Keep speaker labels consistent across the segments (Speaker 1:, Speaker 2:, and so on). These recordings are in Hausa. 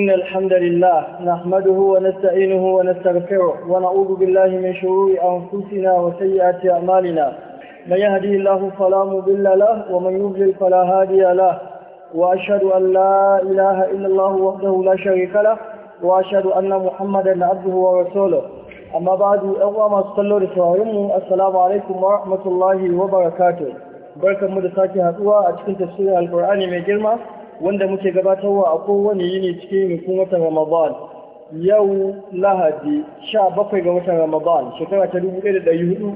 Speaker 1: إن الحمد لله نحمده ونستعينه ونستغفره ونعوذ بالله من شرور أنفسنا وسيئات أعمالنا من يهدي الله فلا مضل له ومن يضلل فلا هادي له وأشهد أن لا إله إلا الله وحده لا شريك له وأشهد أن محمدا عبده ورسوله أما بعد أقوى ما صلوا لسوارمه السلام عليكم ورحمة الله وبركاته بركة مدساتي هدوى أتكنت تفسير القرآن من جرمه wanda muke gabatarwa a kowane yini cikin yankun watan Ramadan yau Lahadi 17 ga watan Ramadan shekara ta 1441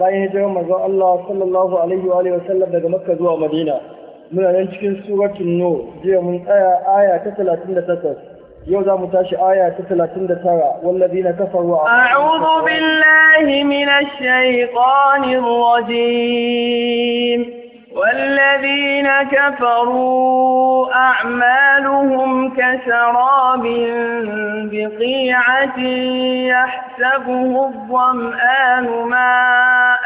Speaker 1: bayan hijirar manzon Allah sallallahu alaihi wa alihi wasallam daga Makka zuwa Madina muna nan cikin suratul Nur jiya mun tsaya aya ta 38 يوزا متاشي آية تتلاتين دتارا والذين كفروا أعوذ
Speaker 2: بالله من الشيطان الرجيم والذين كفروا أعمالهم كسراب بقيعة يحسبه الظمآن ماء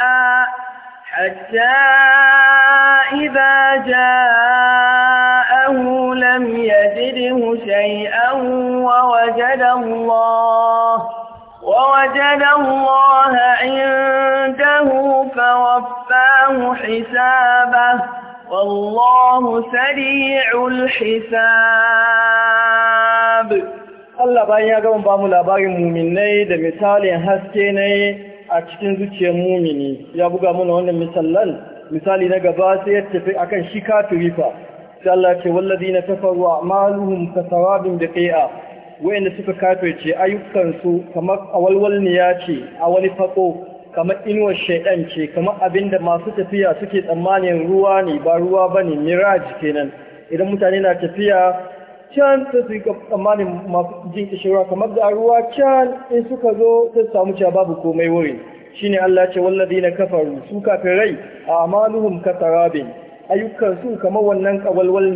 Speaker 2: حتى إذا جاءه لم يجده شيئا ووجد الله ووجد الله عنده فوفاه حسابه والله سريع
Speaker 1: الحساب Allah bayan ya gaban bamu labarin muminai da misalin haske ne a cikin zuciyar mumini ya buga muna wannan misalan misali na gaba sai ya tafi akan shi kafiri fa sai Allah ce wallazina kafaru a'maluhum kasarabin biqi'a wayanda suka kafirce ayyukansu kamar awalwalniya ce a wani fako kamar inuwar shaidan ce kamar abinda masu tafiya suke tsammanin ruwa ne ba ruwa bane miraj kenan idan mutane na tafiya can ta su yi tsammanin masu jin kishirwa kamar da ruwa can in suka zo ta samu cewa babu komai wuri shine Allah ce wallazi na kafaru su kafirai a amaluhum katarabin Ayyukan su kamar wannan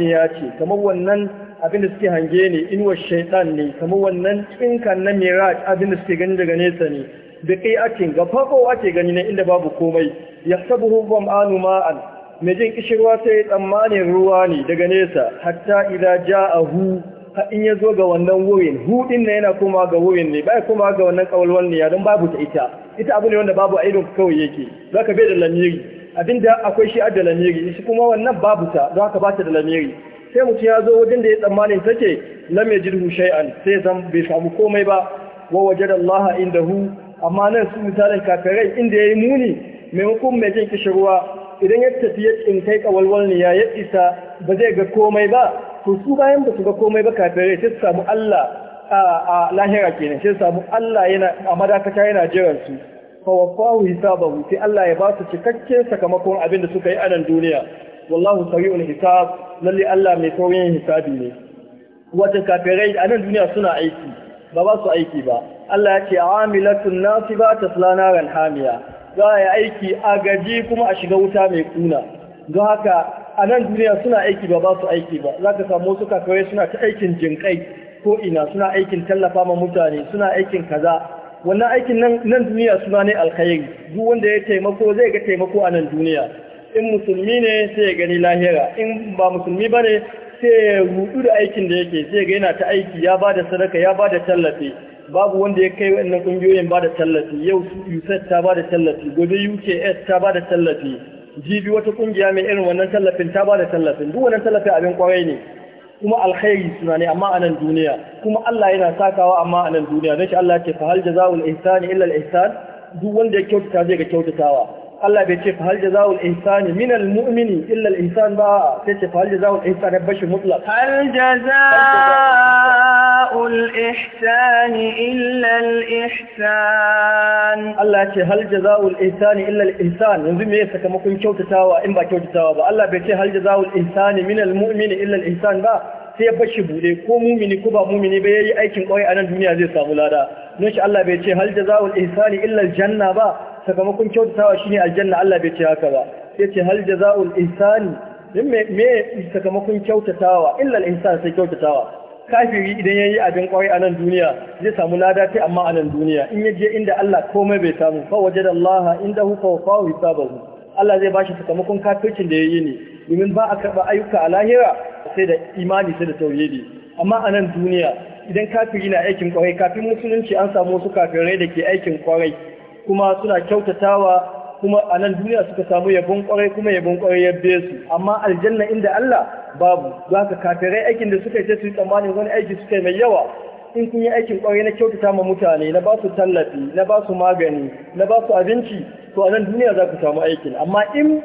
Speaker 1: ya ce kamar wannan abin da suke hange ne inuwar shaitan ne kamar wannan tsinkan na miraj abin da suke gani daga nesa ne da ake ga fafo ake gani na inda babu komai ya sabu hubban anu ma'an mai jin kishirwa sai tsammanin ruwa ne daga nesa hatta idan ja a hu Haɗin ya zo ga wannan wurin hudin na yana koma ga wurin ne bai koma ga wannan kawalwal ne don babu ta ita ita abu ne wanda babu a idon kawai yake zaka bai da lamiri abinda akwai shi a da lamiri shi kuma wannan babu ta don haka ba ta da lamiri sai mutum ya zo wajen da ya tsammanin take lam yajidhu shay'an sai zan bai samu komai ba wa wajada Allah indahu amma nan su misalin kakarai inda yayi muni maimakon mai jin kishirwa idan ya tafi ya tsinkai ne ya isa ba zai ga komai ba to su bayan ba su ga komai ba kafirai sai su samu Allah a lahira kenan sai su samu Allah yana a madakata yana jiran su fawafahu hisabahu sai Allah ya ba su cikakke sakamakon abin da suka yi a nan duniya wallahu sari'ul hisab lalle Allah mai saurin hisabi ne wata kafirai a nan duniya suna aiki ba ba su aiki ba Allah ya ce amilatun nasiba tasla naran hamiya za a yi aiki a gaji kuma a shiga wuta mai kuna don haka a nan duniya suna aiki ba ba su aiki ba za ka samu wasu kafirai suna ta aikin jinkai ko ina suna aikin tallafa ma mutane suna aikin kaza wannan aikin nan duniya suna ne alkhairi duk wanda ya taimako zai ga taimako a nan duniya in musulmi ne sai ya gani lahira in ba musulmi ba ne sai ya rudu da aikin da yake sai ga yana ta aiki ya ba da sadaka ya ba da tallafi babu wanda ya kai wannan kungiyoyin ba da tallafi yau USAID ta ba da tallafi gobe UKS ta ba da tallafi jibi wata kungiya mai irin wannan tallafin ta ba da tallafin duk wannan tallafi abin kwarai ne kuma alkhairi suna ne amma a nan duniya kuma Allah yana sakawa amma a nan duniya don shi Allah ce fa hal jaza'ul ihsani illa al ihsan duk wanda ya kyautata zai ga kyautatawa Allah bai ce fahal jaza'ul ihsani min al-mu'mini illa al-ihsan ba sai ce fahal jaza'ul ihsani bashi mutlaq
Speaker 2: hal jaza'ul ihsani illa al-ihsan
Speaker 1: Allah ce hal jaza'ul ihsani illa al-ihsan yanzu me yasa sakamakon kyautatawa in ba kyautatawa ba Allah bai ce hal jaza'ul ihsani min al-mu'mini illa al-ihsan ba sai ya bashi bude ko mumini ko ba mumini ba yayi aikin koyi a nan duniya zai samu lada don shi Allah bai ce hal jaza'ul ihsani illa al-janna ba sakamakon kyautatawa shi ne aljanna Allah bai ce haka ba ya ce hal jazaul insani me me sakamakon kyautatawa illa al'insan sai kyautatawa kafiri idan ya yi abin kwarai a nan duniya zai samu lada ta amma a nan duniya in ya je inda Allah komai bai samu fa da Allah inda fa wafahu hisabahu Allah zai bashi sakamakon kafircin da ya yi ne domin ba a karba ayyuka a lahira sai da imani sai da tauhidi amma a nan duniya idan kafiri na aikin kwarai kafin musulunci an samu wasu kafirai da ke aikin kwarai kuma suna kyautatawa kuma a nan duniya suka samu yabon kwarai kuma yabon kwarai ya be su amma aljanna inda Allah babu za ka kafirai aikin da suka yi su tsammanin wani aiki suka yi mai yawa in kun yi aikin kwarai na kyautata ma mutane na ba su tallafi na ba su magani na ba su abinci to a nan duniya za ku samu aikin amma in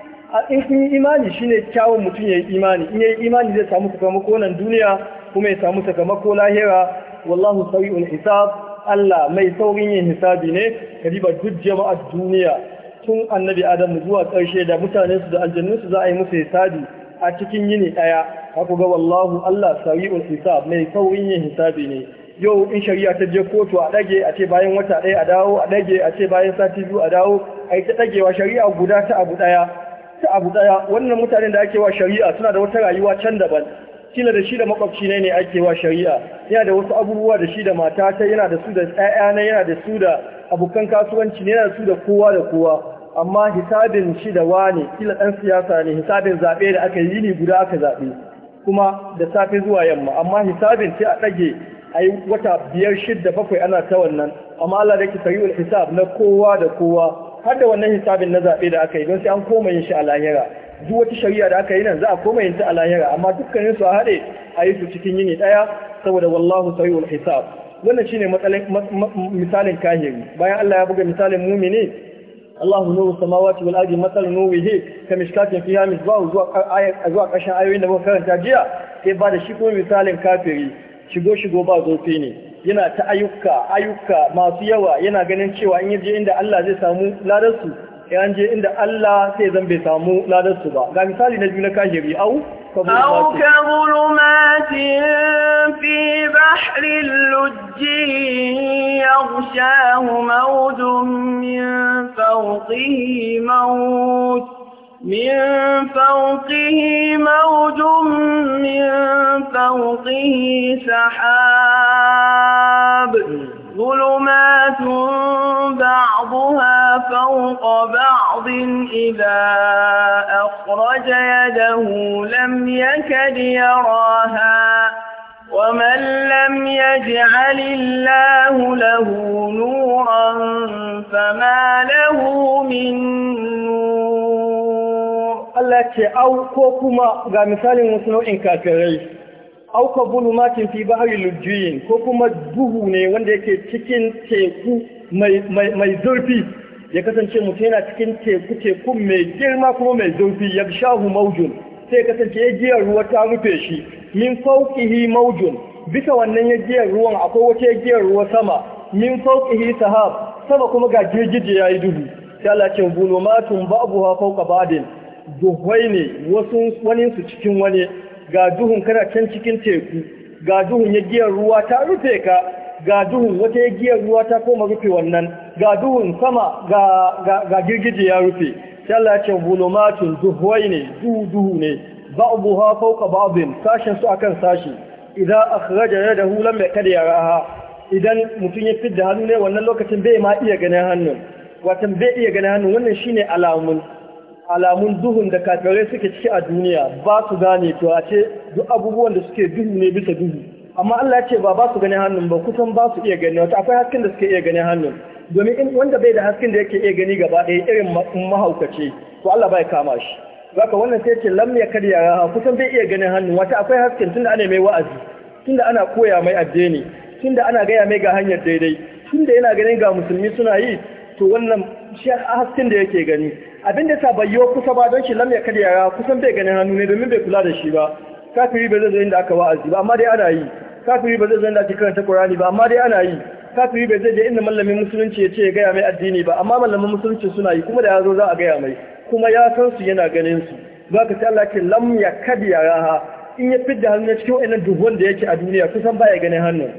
Speaker 1: in kun yi imani shine kyawun mutum ya yi imani in ya yi imani zai samu sakamako nan duniya kuma ya samu sakamako lahira wallahu sawi'ul hisab Allah mai saurin yin hisabi ne ka riba duk jama'ar duniya tun annabi Adamu zuwa ƙarshe da mutane su da aljannun su za a yi musu hisabi a cikin yini ɗaya haku ga wallahu Allah sari'ul hisab mai saurin yin hisabi ne yau in shari'a ta je kotu a ɗage a ce bayan wata ɗaya a dawo a ɗage a ce bayan sati biyu a dawo a yi ta ɗagewa shari'a guda ta abu ɗaya ta abu ɗaya wannan mutanen da ake wa shari'a suna da wata rayuwa can daban kila da shi da makwabci ne ne ake wa shari'a yana da wasu abubuwa da shi da mata ta yana da su da ƴaƴa ne yana da su da abokan kasuwanci ne yana da su da kowa da kowa amma hisabin shi da wani kila ɗan siyasa ne hisabin zabe da aka yi ne guda aka zabe kuma da safe zuwa yamma amma hisabin sai a dage a wata biyar shidda bakwai ana ta wannan amma Allah da ke sari'ul hisab na kowa da kowa har da wannan hisabin na zaɓe da aka yi don sai an koma yin shi a lahira duk wata shari'a da aka yi nan za a koma yin ta a lahira amma dukkanin su a haɗe a yi su cikin yini ɗaya saboda wallahu sayyul hisab wannan shine misalin kahiri bayan Allah ya buga misalin mumini Allahu nuru samawati wal ardi matal nurihi ka mishkatin fiha misbahu zuwa ayat zuwa ƙarshen ayoyin da muka karanta jiya sai ba da shi kuma misalin kafiri shigo shigo ba zofi ne yana ta ayyuka ayyuka masu yawa yana ganin cewa in yaje inda Allah zai samu ladarsu ya je inda Allah sai zan bai samu su ba ga misali na juna na kahiri au أو
Speaker 2: كظلمات في بحر اللج يغشاه موج من فوقه موج من فوقه موج من فوقه سحاب ظلمات فوق بعض إذا أخرج يده لم يكد يراها ومن لم يجعل الله له نورا فما له من نور
Speaker 1: الله أو كوكما غا مثال مثل إنكاتري أو كبول ماكين في بحر اللجين كوكما دبوهوني وانده كتكين تيكو ماي ماي ماي زرفي ya kasance mutum yana cikin teku teku mai girma kuma mai zurfi ya shahu maujun sai ya kasance ya jiya ruwa ta rufe shi min fauqihi maujun bisa wannan ya jiya ruwan akwai wata ya giyar ruwa sama min fauqihi sahab sama kuma ga girgije yayi duhu sai Allah ce bulumatun ba'daha fawqa ba'din duhwai ne wasu wani su cikin wani ga duhun kana can cikin teku ga duhun ya jiya ruwa ta rufe ka ga duhun wata giyar ruwa ta koma rufe wannan ga duhun sama ga girgije ya rufe sai ce duhuwai ne duhu duhu ne ba'dhuha fawqa ba'dhin Sashen su akan sashi idan akhraja yadahu lam yakad yaraha idan mutum ya fidda hannu ne wannan lokacin bai ma iya ganin hannu. watan bai iya ganin hannun wannan shine alamun alamun duhun da kafirai suke ciki a duniya ba su gane to a ce duk abubuwan da suke duhu ne bisa duhu amma Allah ya ce ba ba su ganin hannun ba kusan ba su iya gani wata akwai hasken da suke iya ganin hannun domin in wanda bai da hasken da yake iya gani gaba ɗaya irin mahaukaci to Allah bai kama shi zaka wannan sai ce lam ya karya raha kusan bai iya ganin hannu wata akwai hasken tunda ana mai wa'azi tunda ana koya mai addini tunda ana gaya mai ga hanyar daidai tunda yana ganin ga musulmi suna yi to wannan shi hasken da yake gani abin da sa bai kusa ba don shi lam ya karya raha kusan bai ganin hannu ne domin bai kula da shi ba kafiri bai zai inda aka wa'azi ba amma dai ana yi kafiri ba zai zan dace karanta Qur'ani ba amma dai ana yi kafiri bai zai je inda mallamin musulunci ya ce ya gaya mai addini ba amma mallamin musulunci suna yi kuma da ya zo za a gaya mai kuma ya san su yana ganin su zaka ka ce Allah ke lam ya ya raha in ya fidda hannu cikin wa'annan duhun da yake a duniya kusan baya ganin hannun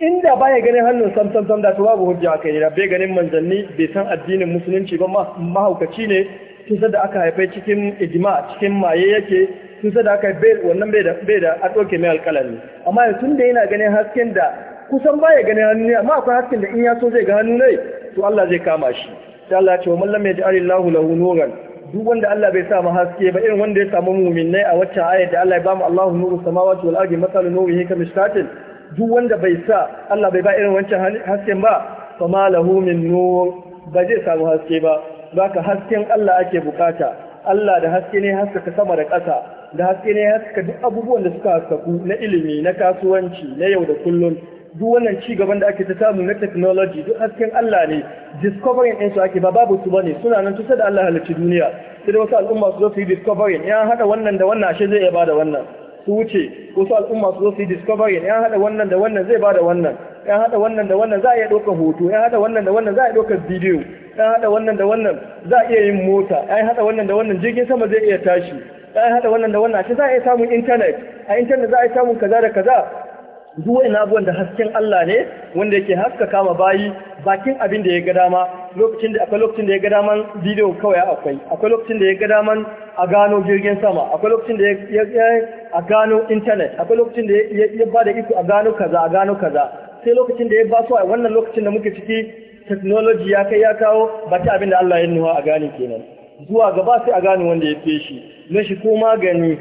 Speaker 1: inda baya ganin hannun sam sam sam da to babu hujja kai ne bai ganin manzanni bai san addinin musulunci ba mahaukaci ne tun da aka haife cikin ijma cikin maye yake sun sa da aka wannan bai da a ɗauke mai alƙalami amma yanzu da yana ganin hasken da kusan baya ganin hannu ne amma akwai hasken da in ya so zai ga hannu ne to Allah zai kama shi sai Allah ya ce wa man lam allahu lahu nuran duk wanda Allah bai sa mu haske ba irin wanda ya samu mu'minai a waccan ayat da Allah ya bamu Allahu nuru samawati wal ardi masalu nurihi kamishkatin duk wanda bai sa Allah bai ba irin wancan hasken ba ma lahu min nur ba zai samu haske ba ka hasken Allah ake bukata Allah da haske ne haskaka sama da ƙasa da haske ne haskaka duk abubuwan da suka haskaku na ilimi na kasuwanci na yau da kullum duk wannan ci gaban da ake ta samu na technology duk hasken Allah ne discovering ɗinsu ake ba babu su bane suna nan tusa da Allah halarci duniya sai da wasu al'umma su zo su yi discovering ya haɗa wannan da wannan ashe zai iya bada wannan su wuce wasu al'umma su zo su yi discovering ya haɗa wannan da wannan zai bada wannan ya haɗa wannan da wannan za a iya ɗaukar hoto ya haɗa wannan da wannan za a iya ɗaukar bidiyo ya haɗa wannan da wannan za a iya yin mota ya haɗa wannan da wannan jirgin sama zai iya tashi ya haɗa wannan da wannan a ce za a iya samun intanet a intanet za a iya samun kaza da kaza duk wani abubuwan da hasken Allah ne wanda yake haska kama bayi bakin abin da ya ga dama lokacin da akwai lokacin da ya ga daman bidiyo kawai akwai akwai lokacin da ya ga daman a gano jirgin sama akwai lokacin da ya a gano internet akwai lokacin da ya ba da iko a gano kaza a gano kaza sai lokacin da ya ba su a wannan lokacin da muke ciki technology ya kai ya kawo ba ta abin da Allah ya nuna a gani kenan zuwa gaba sai a gani wanda ya fi shi na shi ko magani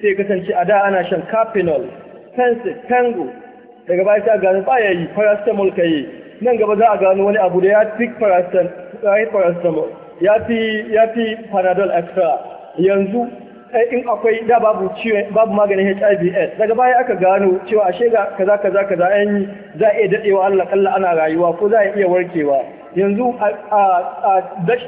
Speaker 1: sai kasance a da ana shan capinol pencil tango daga baya sai a gani ba ya yi paracetamol ka yi nan gaba za a gani wani abu da ya fi paracetamol ya fi panadol extra yanzu Eh, in akwai da babu ciwon babu maganin HIV/AIDS daga baya aka gano cewa a ga kaza kaza kaza an yi za a iya dadewa Allah kalla ana rayuwa ko za a iya warkewa yanzu a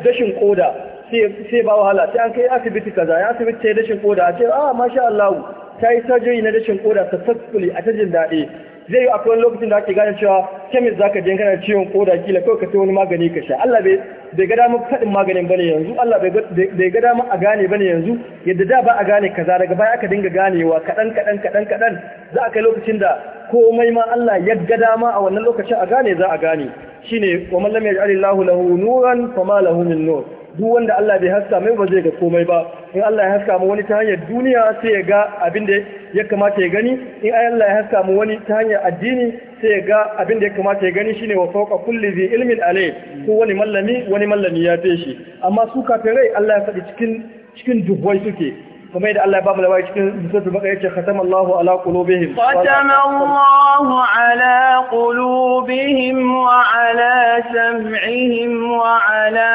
Speaker 1: dashin koda sai ba wahala sai an kai asibiti kaza ya asibiti sai dashin koda a ce a ah, masha Allah ta yi na dashin koda ta successfully a ta jin daɗi zai yi akwai lokacin da ake gane cewa kemis za ka je kana ciwon koda kila kawai ka sai wani magani ka sha Allah bai ga mu faɗin maganin bane yanzu Allah bai ga mu a gane bane yanzu yadda da ba a gane kaza daga baya aka dinga ganewa kaɗan kaɗan kaɗan kaɗan za a kai lokacin da komai ma Allah ya ga dama a wannan lokacin a gane za a gane shine wa man lam yaj'alillahu lahu nuran fama lahu min nur duk wanda Allah bai haska mai ba zai ga komai ba in Allah ya haska mu wani ta hanyar duniya sai ya ga abin da ya kamata ya gani in Allah ya haska mu wani ta hanyar addini sai ya ga abin da ya kamata ya gani shine wa fawqa kulli zi ilmin alai ko wani mallami wani mallami ya fi shi amma su kafirai Allah ya faɗi cikin cikin duhuwai suke kuma da Allah ya bamu labari cikin suratul baqara yace khatama Allahu ala qulubihim khatama
Speaker 2: Allahu ala qulubihim wa ala sam'ihim wa على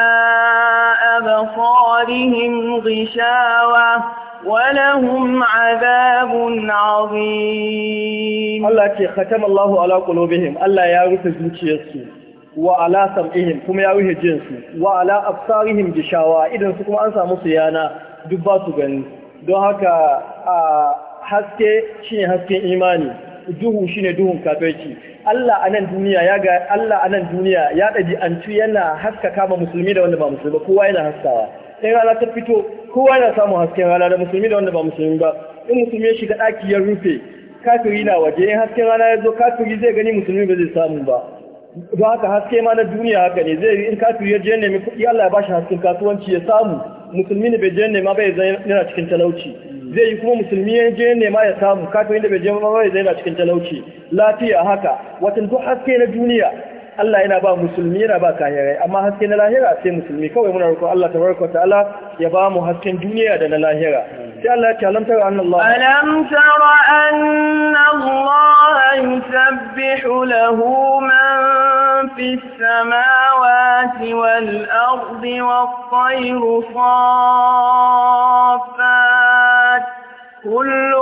Speaker 2: أبصارهم غشاوة ولهم عذاب عظيم
Speaker 1: الله كي ختم الله على قلوبهم الله يا رفع زوجيسو وعلى سمعهم كما يا رفع جنسو وعلى أبصارهم غشاوة إذا سكما أنسى مصيانا دباتو غني دو هكا haske shi ne hasken duhu shine duhun kafirci Allah a nan duniya ya ga Allah a nan duniya ya yana haska kama musulmi da wanda ba musulmi kowa yana haskawa in rana ta fito kowa yana samun hasken rana da musulmi da wanda ba musulmi ba in musulmi ya shiga ɗaki ya rufe kafiri na waje in hasken rana ya zo kafiri zai gani musulmi ba zai samu ba don haka haske ma na duniya haka ne zai in kafiri ya je nemi kuɗi Allah ya bashi hasken kasuwanci ya samu musulmi ne bai je nema bai zai yana cikin talauci zai yi kuma musulmi ya je nema ya samu kafin da bai je ma bai zai yana cikin talauci lafiya haka watan duk haske na duniya Allah yana ba musulmi yana ba kahirai amma haske na lahira sai musulmi kawai muna roƙon Allah tabaraka ta'ala ya ba mu hasken duniya da na lahira sai Allah ya ce alam tara anna Allah alam tara
Speaker 2: anna Allah yusabbihu lahu man fi samawati wal ardi wat tayru saffat كل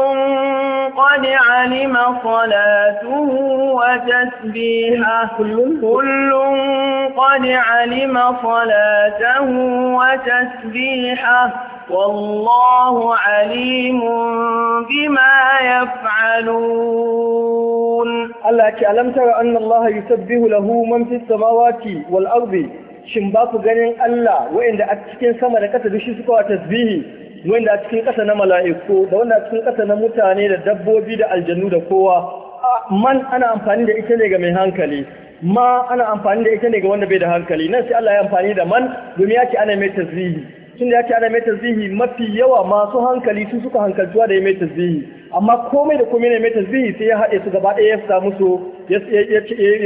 Speaker 2: قد علم صلاته وتسبيحه كل قد علم صلاته وتسبيحه والله عليم بما يفعلون
Speaker 1: الله ألم ترى أن الله يسبه له من في السماوات والأرض shin ba ku ganin Allah wa'inda a cikin sama da ƙasa duk shi suka wa tasbihi wanda cikin ƙasa na mala'iku da wanda cikin ƙasa na mutane da dabbobi da aljanu da kowa man ana amfani da ita ne ga mai hankali ma ana amfani da ita ne ga wanda bai da hankali nan sai Allah ya amfani da man domin ya ce ana mai tazihi tun da ya ce ana mai tazihi mafi yawa masu hankali sun suka hankaltuwa da ya mai tazihi amma komai da komai ne mai tazihi sai ya haɗe su gaba ɗaya ya sa musu ya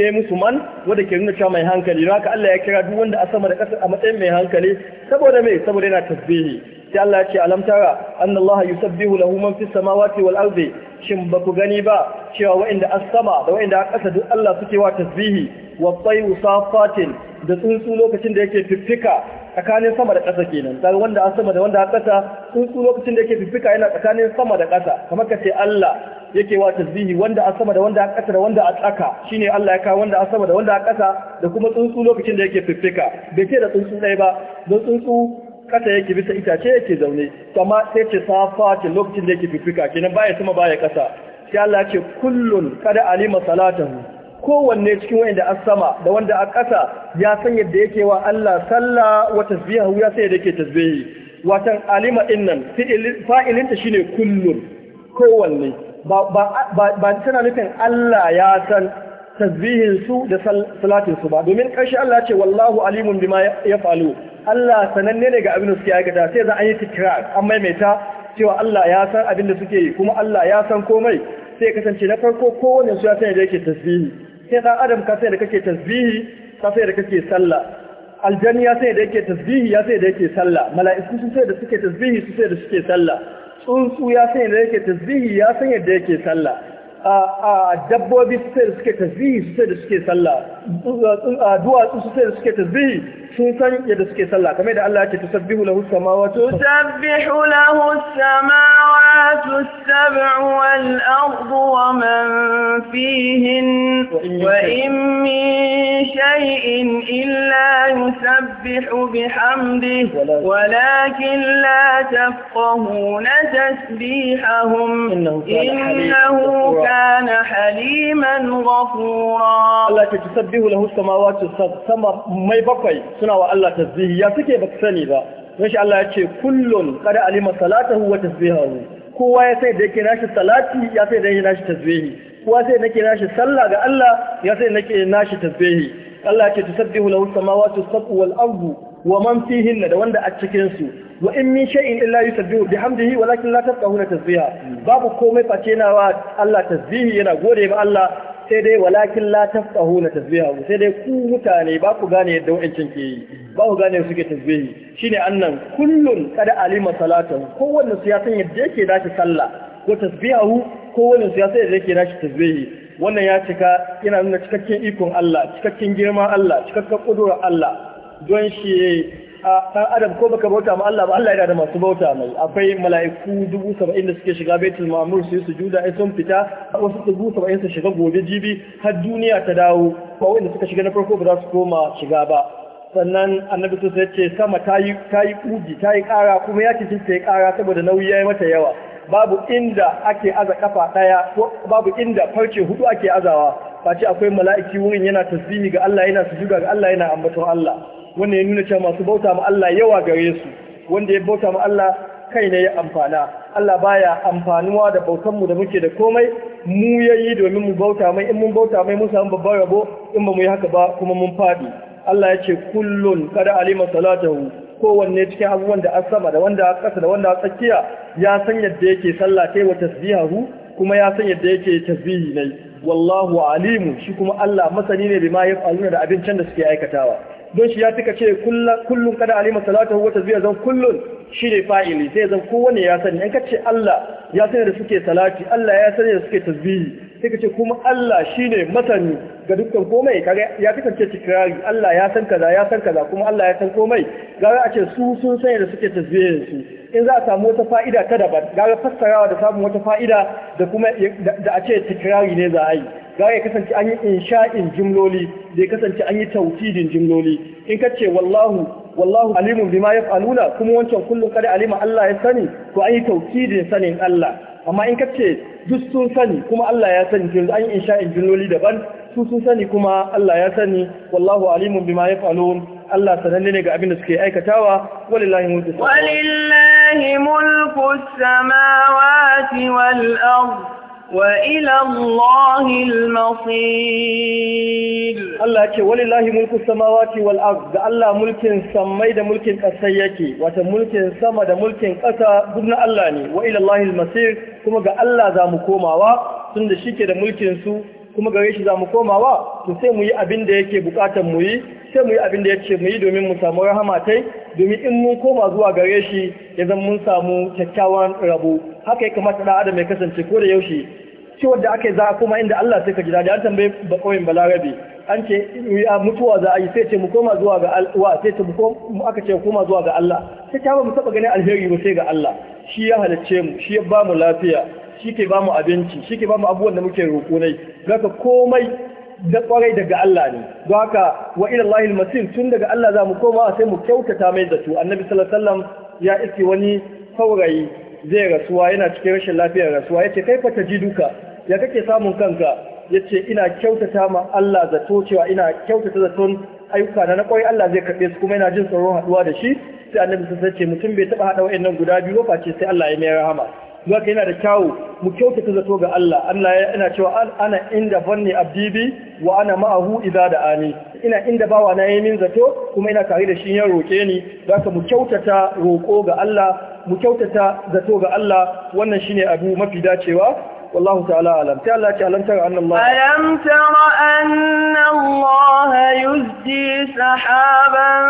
Speaker 1: yi musu man wanda ke nuna cewa mai hankali don haka Allah ya kira duk wanda a sama da ƙasa a matsayin mai hankali saboda mai saboda yana tazihi sai Allah ya ce alam tara annallaha yusabbihu lahu man fis samawati wal ardi shin baku gani ba cewa wa'inda as-sama da wa'inda as-ƙasa duk Allah suke wa tasbihi wa tayru safatin da tsuntsu lokacin da yake fiffika tsakanin sama da ƙasa kenan kaga wanda a sama da wanda a ƙasa tsuntsu lokacin da yake fiffika yana tsakanin sama da ƙasa kamar ka ce Allah yake wa tasbihi wanda a sama da wanda a ƙasa da wanda a tsaka shine Allah ya kawo wanda a sama da wanda a ƙasa da kuma tsuntsu lokacin da yake fiffika bai ce da tsuntsu ɗaya ba don tsuntsu kasa yake bisa itace yake zaune kuma sai ce safa ce lokacin da yake fifika kenan baya sama baya kasa sai Allah ce kullun kada alima salatahu kowanne cikin wanda a sama da wanda a kasa ya san yadda yake wa Allah sallah wa tasbihu ya san yadda yake tasbihi watan alima dinnan fa'ilinta shine kullun kowanne ba ba ba tana nufin Allah ya san tasbihinsu da salatinsu ba domin ƙarshe Allah ce wallahu alimun bima ya falo Allah sananne ne ga abin da suke aikata sai za an yi tikrar an maimaita cewa Allah ya san abin da suke yi kuma Allah ya san komai sai kasance na farko kowane su ya sanya da yake tasbihi sai dan adam ka sai da kake tasbihi ka sai da kake sallah aljani ya sai da yake tasbihi ya sai da yake sallah mala'iku su sai da suke tasbihi su sai da suke sallah tsuntsu ya sai da yake tasbihi ya sani da yake sallah a dabbobi su da suke tasbihi su da suke sallah duwatsu su da suke tasbihi sun san yadda suke sallah kamar da Allah ya ce tusabbihu lahu samawati
Speaker 2: tusabbihu lahu samawati sab'u wal ardu wa man fihin wa in min shay'in illa yusabbihu bihamdihi walakin la tafqahuna tasbihahum innahu kana وكان حليما غفورا
Speaker 1: الله تسبح له السماوات السبع سما مي بقي سنا والله تسبيح يا سكي بكسني با ماشي الله يجي كل قد علم صلاته وتسبيحه kowa ya sai da yake nashi salati ya sai da yake nashi tasbihi kowa sai da nashi ga Allah ya sai da yake nashi tasbihi Allah ce tusabbihu lahu samawati was-sab'u wal-ardu wa man da wanda a cikin su wa in min shay'in illa yusabbihu bihamdihi walakin la tafqahuna tasbiha babu komai face na wa Allah tasbihi yana gode ma Allah sai dai walakin la tafqahuna tasbiha sai dai ku mutane ba ku gane yadda wancin ke yi ba ku gane suke tasbihi shine annan kullun kada alima salatan kowanne su ya san yadda yake dace sallah ko tasbihu kowanne su ya san yadda yake dace tasbihi wannan ya cika yana nuna cikakken ikon Allah cikakken girman Allah cikakken kudurar Allah don shi a adam ko baka bauta ma Allah ba Allah yana da masu bauta mai akwai mala'iku dubu saba'in da suke shiga baitul mamur su yi sujuda ai sun fita wasu dubu saba'in su shiga gobe jibi har duniya ta dawo ba wanda suka shiga na farko ba za su koma shiga ba sannan annabi sun ya ce sama ta yi kugi ta yi ƙara kuma ya ce ta yi ƙara saboda nauyi ya yi mata yawa babu inda ake aza kafa ɗaya babu inda farce hudu ake azawa ce akwai mala'iki wurin yana tasbihi ga Allah yana sujuda ga Allah yana ambaton Allah wannan ya nuna cewa masu bauta ma Allah yawa gare su wanda ya bauta ma Allah kai ne ya amfana Allah baya amfanuwa da bautan mu da muke da komai mu yayi domin mu bauta mai in mun bauta mai mun samu babbar rabo in ba mu yi haka ba kuma mun fadi Allah ya ce kullun kada alima salatahu kowanne cikin abubuwan da asama da wanda kasa da wanda tsakiya ya san yadda yake sallah kai wa tasbihahu kuma ya san yadda yake tasbihi nai wallahu alimu shi kuma Allah masani ne bima yaf'aluna da abincin da suke aikatawa don shi ya tuka ce kullum kada alimar salatu wa zuwa zan kullum shi ne fa'ili sai zan kowane ya sani in ce Allah ya sani da suke salati Allah ya sani da suke tasbihi sai kace kuma Allah shi ne masani ga dukkan komai ya tuka ce tikirari Allah ya san kaza ya san kaza kuma Allah ya san komai gara a ce su sun sani da suke tasbihin su in za a samu wata fa'ida ta daban gara fassarawa da samun wata fa'ida da kuma da a ce ne za a yi ga ya kasance an yi insha'in jimloli da ya kasance an yi tawkidin jimloli in ka ce wallahu wallahu alimun bima yaf'aluna kuma wancan kullum kada alima Allah ya sani to an yi tawkidin sanin Allah amma in ka ce duk sun sani kuma Allah ya sani to an yi insha'in jimloli daban su sun sani kuma Allah ya sani wallahu alimun bima yaf'alun Allah sananne ne ga abin da suke aikatawa walillahi mulku
Speaker 2: walillahi mulku samawati wal ardh وإلى الله المصير
Speaker 1: الله يكي ولله ملك السماوات والأرض ده الله ملك سمي ده ملك قسي يكي وات ملك سما ده ملك قسا بدنا الله ني وإلى الله المصير ga Allah za mu komawa tunda shike da mulkin su kuma gare shi za mu komawa to sai mu yi abin da yake bukatar mu yi sai mu yi abin da yake mu yi domin mu samu rahama tai domin in mun koma zuwa gare shi ya zan mun samu kyakkyawan rabo haka ya kamata ɗan adam mai kasance ko da yaushe ciwon da aka za a koma inda Allah sai ka ji daɗi an tambaye ba balarabe an ce mutuwa za a yi sai ce mu koma zuwa ga wa sai ce mu aka ce koma zuwa ga Allah sai ta ba mu taɓa ganin alheri ba sai ga Allah shi ya halicce mu shi ya ba mu lafiya shi ke ba mu abinci shi ke ba mu abubuwan da muke rukunai. nai zaka komai da kwarai daga Allah ne don haka wa ila Allahil masir tun daga Allah za mu koma sai mu kyautata mai da su annabi sallallahu alaihi wasallam ya iske wani saurayi zai rasuwa yana cikin rashin lafiyar rasuwa yace kai fa ji duka ya kake samun kanka yace ina kyautata ma Allah zato cewa ina kyautata zaton ayyuka na na kwai Allah zai karɓe su kuma ina jin tsoron haɗuwa da shi sai annabi sai ce mutum bai taba hada wa'annan guda biyu ba face sai Allah ya mai rahama ka yana da kyawu mu kyautata zato ga Allah Allah yana cewa ana inda banni abdibi wa ana ma'ahu idza da'ani ina inda bawa na yi min zato kuma ina tare da shi ya roke ni zaka mu kyautata roko ga Allah mu kyautata zato ga Allah wannan shine abu mafi dacewa والله تعالى أعلم تعالى تعلم تر أن الله
Speaker 2: ألم تر أن الله يزجي سحابا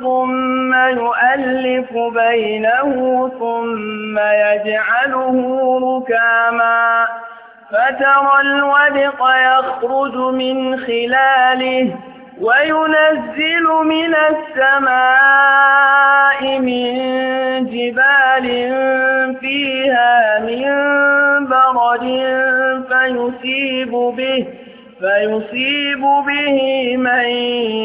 Speaker 2: ثم يؤلف بينه ثم يجعله ركاما فترى الودق يخرج من خلاله وينزل من السماء من جبال فيها من برد فيصيب به فيصيب به من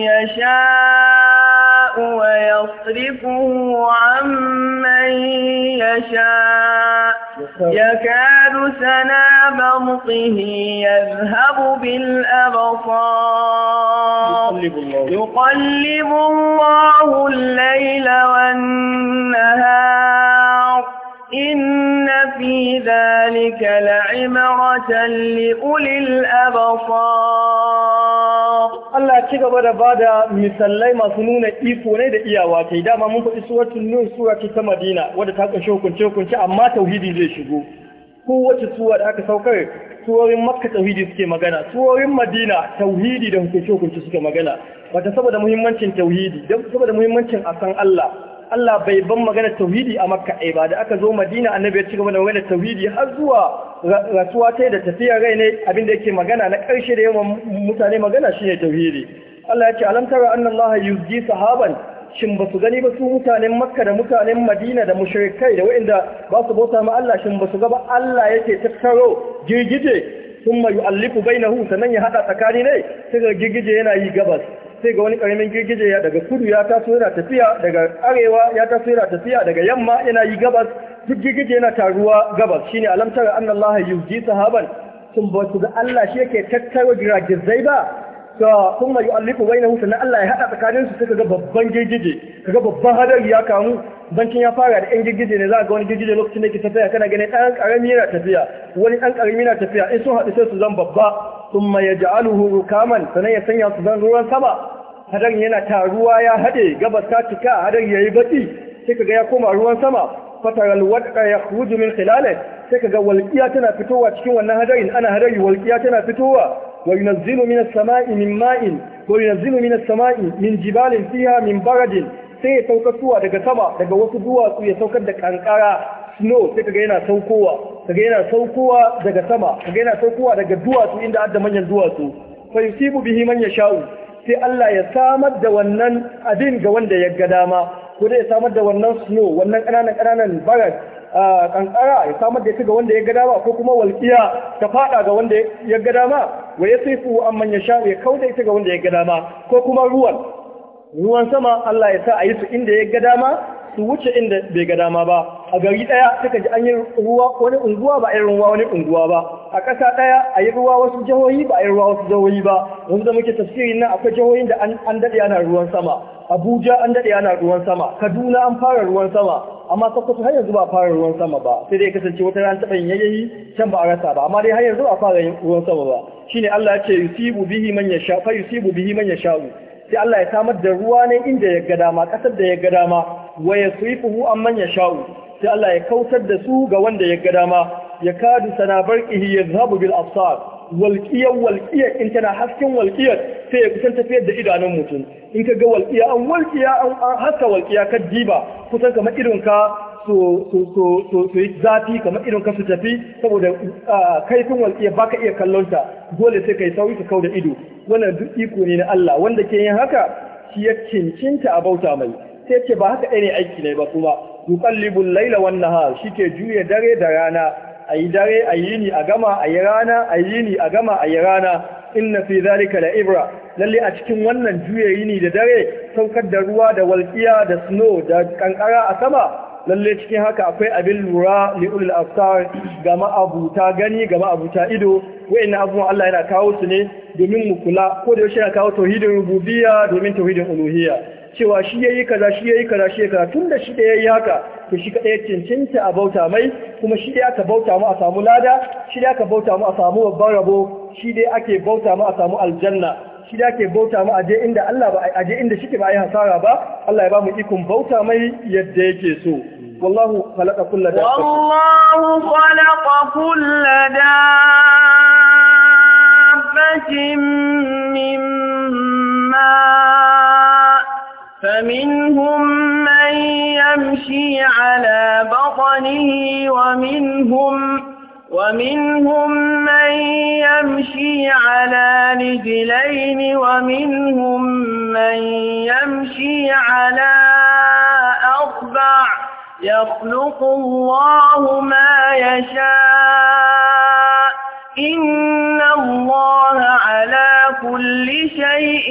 Speaker 2: يشاء ويصرفه عمن يشاء يكاد سنا برقه يذهب بالأبصار يقلب الله الليل والنهار إن في ذلك لعمرة لأولي
Speaker 1: الأبصار Allah ya ci gaba da ba da misalai masu nuna iko ne da iyawa kai dama mun faɗi suwar nur sura ce ta Madina wadda ta ƙunshi hukunce hukunce amma tauhidi zai shigo kowace suwa da aka saukar surorin makka tauhidi suke magana suwarin madina tauhidi da hukunce hukunce suke magana wata saboda muhimmancin tauhidi saboda muhimmancin a san Allah Allah bai ban magana tauhidi a makka ai ba da aka zo madina annabi ya ci gaba da magana tauhidi har zuwa rasuwa ta da tafiya rai ne abin da yake magana na karshe da yawan mutane magana shine tauhidi Allah ya ce alam tara anna Allah yuzji sahaban shin ba su gani ba su mutanen makka da mutanen madina da mushrikai da waɗanda ba su bauta ma Allah shin ba su gaba Allah yake tattaro girgije sun mai na bainahu sannan ya haɗa tsakani ne sai girgije yana yi gabas sai ga wani karamin girgije ya daga kudu ya taso yana tafiya daga arewa ya taso yana tafiya daga yamma yana yi gabas duk girgije yana taruwa gabas shine alam tara anna yuji sahaban sun ba su ga Allah shi yake tattaro giragizai ba to kun mai na bainahu sanan Allah ya hada tsakanin su suka ga babban girgije kaga babban hadari ya kamu bankin ya fara da yan girgije ne za ga wani girgije lokacin da ke tafiya kana ganin ɗan ƙarami yana tafiya wani ɗan ƙarami yana tafiya in sun haɗu sai su zan babba thumma yaj'aluhu kaman sanan ya sanya su dan ruwan sama Hadarin yana taruwa ya hade gabas ta cika hadar yayi baki sai kaga ya koma ruwan sama fataral wadqa yakhruju min khilalihi sai kaga walqiya tana fitowa cikin wannan hadarin ana hadari walqiya tana fitowa sama'i min ma'in? من ماء وينزل من sama'i min جبال فيها min baradin? sai ya saukar daga sama daga wasu duwatsu ya saukar da kankara snow sai kaga yana saukowa kaga yana saukowa daga sama kaga yana saukowa daga duwatsu inda adda manyan duwatsu fa yusibu bihi man yasha'u sai Allah ya samar da wannan abin ga wanda ya ga dama ko da ya samar da wannan snow wannan ƙananan ƙananan a kankara ya samar da ita ga wanda ya ga dama ko kuma walƙiya ta fada ga wanda ya ga dama wa yasifu amman yasha'u ya kauda ita ga wanda ya ga dama ko kuma ruwan ruwan sama Allah ya sa a yi su inda ya ga dama su wuce inda bai ga dama ba a gari daya suka ji an yi ruwa wani unguwa ba a yi ruwa wani unguwa ba a ƙasa daya a yi ruwa wasu jihohi ba a yi ruwa wasu jihohi ba yanzu da muke tafsirin nan akwai jihohin da an daɗe ana ruwan sama abuja an daɗe ana ruwan sama kaduna an fara ruwan sama amma sokoto har yanzu ba fara ruwan sama ba sai dai kasance wata ran taɓa yayi can ba a rasa ba amma dai har yanzu ba fara ruwan sama ba shine Allah ya ce yusibu bihi man yasha fa yusibu bihi man yasha sai Allah ya samar da ruwa ne inda ya ga dama kasar da ya ga dama wa an amman yasha'u sai Allah ya kautar da su ga wanda ya ga dama ya kadu ya zabu bil absar walqiyar walqiyar in tana hasken walqiyar sai ya kusan tafiyar da idanun mutum in ka ga walqiya an walqiya an haska walqiya ka diba kusan kamar idon ka so so zafi kamar idon ka su tafi saboda kaifin walƙiya ba ka iya kallonta dole sai ka yi ka kauda ido wannan duk iko ne na Allah wanda ke yin haka shi ya cincinta a bauta mai sai ce ba haka ɗaya ne aiki ne ba kuma yuqallibul laila wan shi ke juye dare da rana ayi dare ayi ni a gama ayi rana ayi ni a gama ayi rana inna fi zalika la ibra lalle a cikin wannan juye ni da dare saukar da ruwa da walƙiya da snow da kankara a sama lalle cikin haka akwai abin lura li'ul afkar ga ma'abuta gani ga ma'abuta ido wa'in abubuwan Allah yana kawo su ne domin mu kula ko da yaushe yana kawo tauhidin rububiyya domin tauhidin uluhiyya cewa shi ya yi kaza shi ya yi kaza shi ya kaza tun da shi da yi haka to shi kada ya cancanta a bauta mai kuma shi ɗaya aka bauta mu a samu lada shi ɗaya aka bauta mu a samu babban rabo shi ɗaya ake bauta mu a samu aljanna shi ɗaya ake bauta mu a je inda Allah ba a je inda shike ba a yi hasara ba Allah ya ba mu ikon bauta mai yadda yake so Wallahu خلق kulla دابة
Speaker 2: Wallahu خلق kulla دابة من ماء فمنهم من يمشي على بطنه ومنهم ومنهم من يمشي على رجلين ومنهم من يمشي على أربع يخلق الله ما يشاء إن الله على كل شيء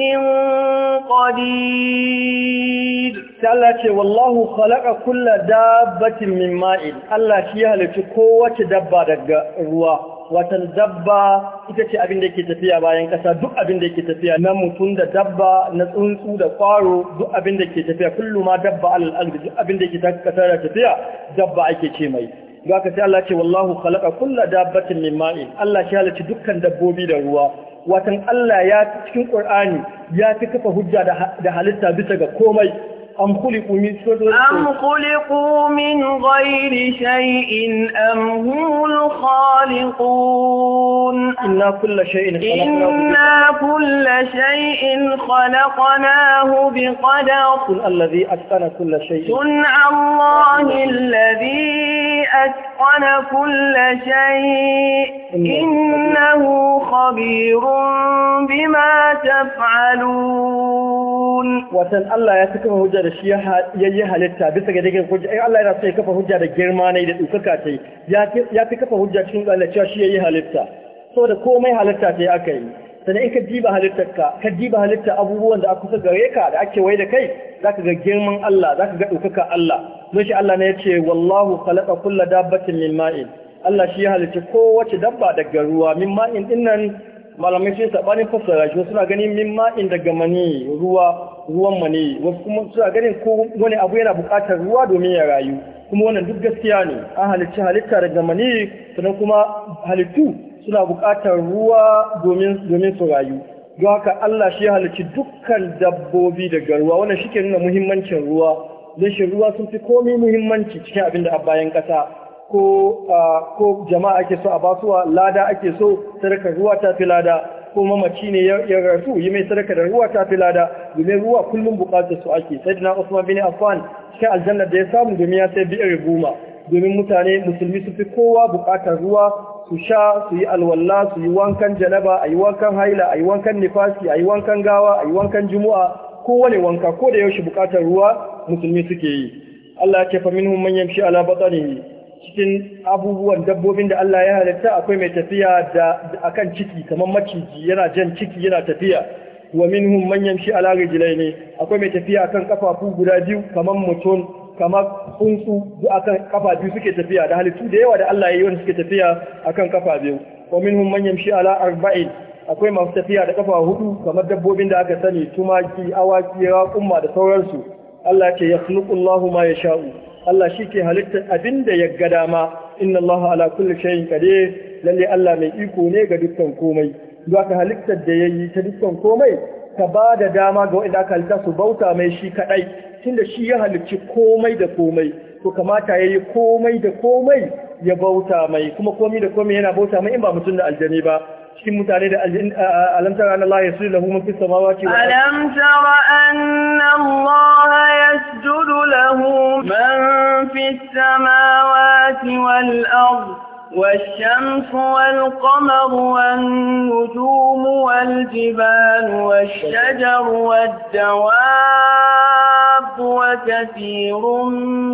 Speaker 1: قدير تالله والله خلق كل دابة من ماء الله شي halitta kowace dabba daga ruwa watan dabba ita ce abin da yake tafiya bayan kasa duk abin da yake tafiya na mutum da dabba na tsuntsu da kwaro duk abin da yake tafiya kullum ma dabba alal ardi duk abin da yake kasa da tafiya dabba ake ce mai ga ka sai Allah ce wallahu khalaqa kulla dabbatin min ma'in Allah shi halarci dukkan dabbobi da ruwa watan Allah ya cikin Qur'ani ya fi kafa hujja da halitta bisa ga komai أم خلقوا من أم
Speaker 2: خلقوا من غير شيء أم هم الخالقون
Speaker 1: إنا كل شيء خلقناه
Speaker 2: إنا كل شيء خلقناه بقدر
Speaker 1: قل الذي أتقن كل شيء صنع
Speaker 2: الله الذي أتقن كل شيء إنه خبير بما تفعلون
Speaker 1: وسن الله يتكلم وجد da shi ya yi halitta bisa ga daga hujja in Allah yana so ya kafa hujja da girma ne da ɗaukaka ce ya fi kafa hujja cikin Allah cewa shi ya yi halitta saboda komai halitta ce aka yi sannan in ka diba halittarka ka diba halitta abubuwan da aka kusa gare ka da ake wai da kai zaka ga girman Allah zaka ga ɗaukaka Allah don shi Allah ne ya ce wallahu khalaqa kulla dabbatin min ma'in Allah shi ya halicci kowace dabba daga ruwa min ma'in dinnan malamai sai sabanin fassara shi suna ganin mimma in daga ruwa ruwan mani wasu kuma suna ganin ko wani abu yana bukatar ruwa domin ya rayu kuma wannan duk gaskiya ne an halicci halitta daga mani sannan kuma halittu suna bukatar ruwa domin domin su rayu don haka Allah shi ya halicci dukkan dabbobi daga ruwa wannan shike nuna muhimmancin ruwa don shi ruwa sun fi komai muhimmanci cikin abinda da a bayan ƙasa ko jama'a ake so a basuwa lada ake so sadakar ruwa ta fi lada ko mamaci ne ya rasu yi mai sadaka da ruwa ta fi lada domin ruwa kullum bukatar su ake sai na usman bin affan cikin aljanna da ya samu domin ya sai biyar goma domin mutane musulmi su fi kowa bukatar ruwa su sha su yi alwalla, su yi wankan janaba a yi wankan haila a yi wankan nifasi a yi wankan gawa a yi wankan juma'a kowane wanka ko da yaushe bukatar ruwa musulmi suke yi Allah ya ce fa minhum man yamshi ala batanihi cikin abubuwan dabbobin da Allah ya halitta akwai mai tafiya da akan ciki kamar maciji yana jan ciki yana tafiya wa minhum man yamshi ala rijlaini akwai mai tafiya akan kafafu guda biyu kamar mutum kamar tsuntsu akan kafa biyu suke tafiya da halittu da yawa da Allah ya yi wanda suke tafiya akan kafa biyu wa minhum man yamshi ala arba'in akwai masu tafiya da kafa hudu kamar dabbobin da aka sani tumaki awaki raƙumma da sauransu Allah ce ya Allahu ma yasha'u Allah shi ke halittar abin da ya ga dama inna Allah ala kulli shay'in qadir lalle Allah mai iko ne ga dukkan komai ka halittar da yayi ta dukkan komai ka ba da dama ga wanda aka halitta su bauta mai shi kadai tunda shi ya halicci komai da komai to kamata yayi komai da komai ya bauta mai kuma komai da komai yana bauta mai in ba mutum da aljani ba cikin mutane da alam tara anna Allah yasjudu lahu man fis samawati wa alam
Speaker 2: tara anna Allah yasjudu lahu man fis samawati wal ardh والشمس والقمر والنجوم والجبال والشجر والدواب وكثير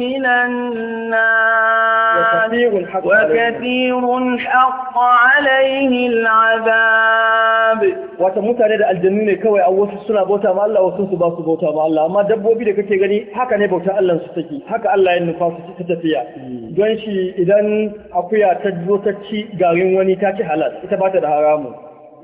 Speaker 2: من الناس وكثير حق عليه
Speaker 1: العذاب wata mutane da aljannu ne kawai a wasu suna bauta ma Allah wasu su ba su bauta ma Allah amma dabbobi da kake gani haka ne bauta Allah su take haka Allah ya nufa su ta tafiya don shi idan akuya ta zo ta ci garin wani ta ci halal ita ba ta da haramu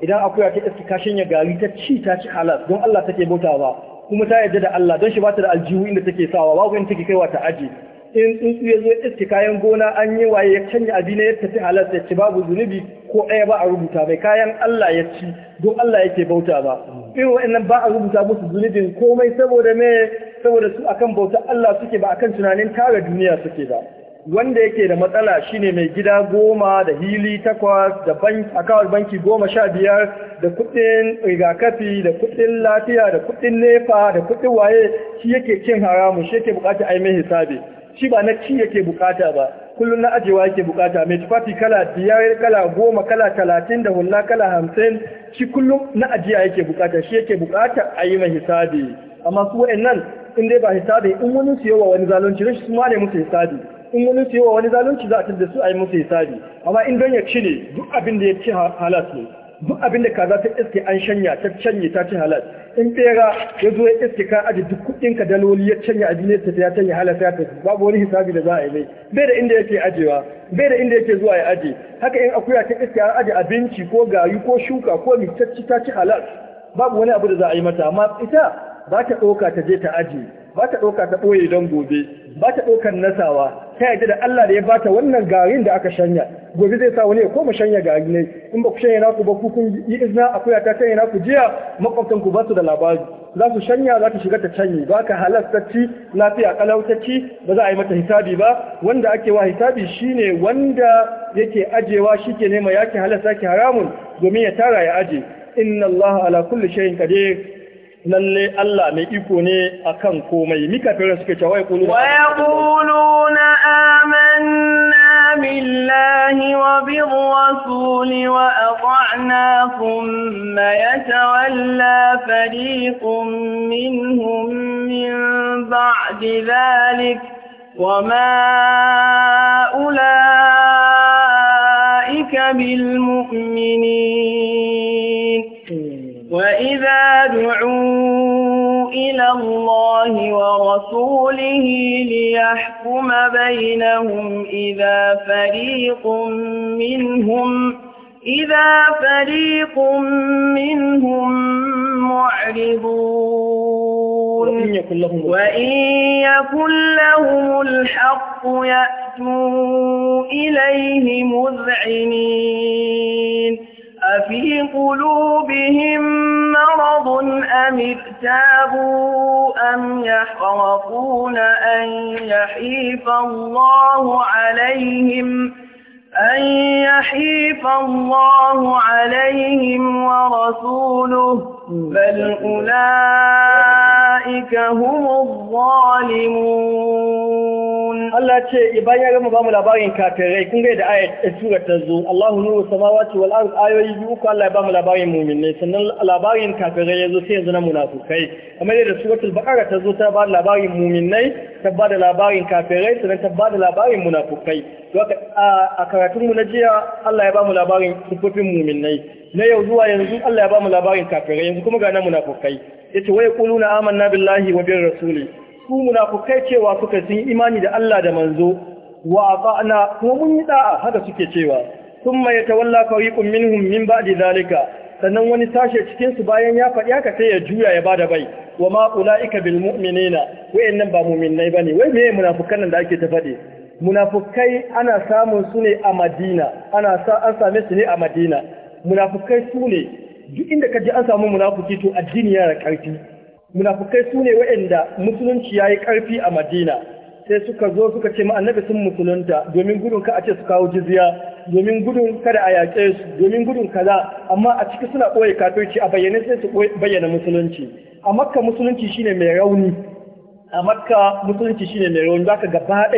Speaker 1: idan akuya ta iska kashin ya gari ta ci ta ci halal don Allah take bauta ba kuma ta yarda da Allah don shi ba ta da aljihu inda take sawa babu inda take kaiwa ta aji in tsuntsu ya zo ya iske kayan gona an yi waye ya canja abinai ya tafi halarta ci babu zunubi ko ɗaya ba a rubuta mai kayan Allah ya ci don Allah yake bauta ba irin waɗannan ba a rubuta musu zunubin komai saboda me saboda su akan bauta Allah suke ba akan tunanin tara duniya suke ba wanda yake da matsala shine mai gida goma da hili takwas da akawar banki goma sha biyar da kuɗin rigakafi da kuɗin lafiya da kuɗin nefa da kuɗin waye shi yake cin haramun shi yake bukatar mai hisabi shi ba na ci yake bukata ba kullum na ajewa yake bukata mai tufafi kala biyar kala goma kala talatin da hulla kala hamsin shi kullum na ajiya yake bukata shi yake bukata a yi mai hisabi amma su wa'annan in dai ba hisabi in wani su yawa wani zalunci rashin su ne musu hisabi in wani su yawa wani zalunci za a da su a yi musu hisabi amma in don ya ci ne duk abin da ya ci halas ne duk abin da kaza ta iske an shanya ta canye ta ci halal in bera ya zo ya iske ka aji duk kuɗin ka daloli ya canya a ya ta ya canye halal ta ta babu wani hisabi da za a yi mai bai da inda yake ajewa bai da inda yake zuwa ya aje haka in akuya ta iske an aje abinci ko gayu ko shuka ko mitacci ta ci halal babu wani abu da za a yi mata amma ita ba ta ɗauka ta je ta aje ba ta ɗauka ta ɓoye don gobe ba ta ɗaukar nasawa ta yadda da Allah da ya bata wannan garin da aka shanya gobe zai sa wani ya koma shanya gari ne in ba ku shanya ku ba ku kun yi izna akuya ta shanya naku jiya makwabtan ku ba su da labari za su shanya za ta shiga ta canyi ba ka ci lafiya kalautacci ba za a yi mata hisabi ba wanda ake wa hisabi shine wanda yake ajewa shi ke nema yaki halasta ki haramun domin ya tara ya aje inna Allah ala kulli shay'in qadir lalle Allah mai iko ne akan komai mika fira suke cewa ya kulu wa yaquluna
Speaker 2: بالله وبالرسول وأطعنا ثم يتولى فريق منهم من بعد ذلك وما أولئك بالمؤمنين وإذا دعوا إلى الله ورسوله ليحكم بينهم إذا فريق منهم إذا فريق منهم معرضون
Speaker 1: وإن يكن لهم, وإن
Speaker 2: يكن لهم الحق يأتوا إليه مذعنين أفي قلوبهم مرض أم ارتابوا أم يحرقون أن يحيف الله عليهم أن يحيف الله عليهم ورسوله بل أولئك هم
Speaker 1: الظالمون Allah ce iban ya gama bamu labarin kafirai kun ga da ayat eh, sura ta zo Allahu nuru samawati wal ard ayoyi biyu ko Allah ya bamu labarin mu'minai sannan labarin kafirai ya sai yanzu na munafukai kamar yadda suratul baqara ta zo ta ba labarin mu'minai ta ba da labarin kafirai sannan ta ba da labarin munafikai to a karatun mu na jiya Allah ya bamu labarin sifofin mu'minai na yau zuwa yanzu Allah ya bamu labarin kafirai yanzu kuma ga na munafikai yace wai quluna amanna billahi wa bir rasuli su munafukai cewa suka sun imani da Allah da manzo wa ba'na kuma mun yi da'a haka suke cewa Sun thumma ta fariqun minhum min ba'di zalika sannan wani sashe cikin su bayan ya faɗi haka sai ya juya ya bada bai wa ma ulaika bil mu'minina wayannan ba mu'minai bane wai meye munafukan nan da ake ta faɗi munafukai ana samun su ne a Madina ana sa an same su ne a Madina munafukai su ne duk inda ka ji an samu munafuki to addini ya da ƙarfi munafukai su ne waɗanda musulunci ya yi ƙarfi a madina sai suka zo suka ce ma annabi sun musulunta domin gudun ka a ce su kawo jizya domin gudun kada a yaƙe su domin gudun kaza amma a ciki suna ɓoye kafirci a bayyane sai su bayyana musulunci a makka musulunci shine mai rauni a makka musulunci shine mai rauni zaka gaba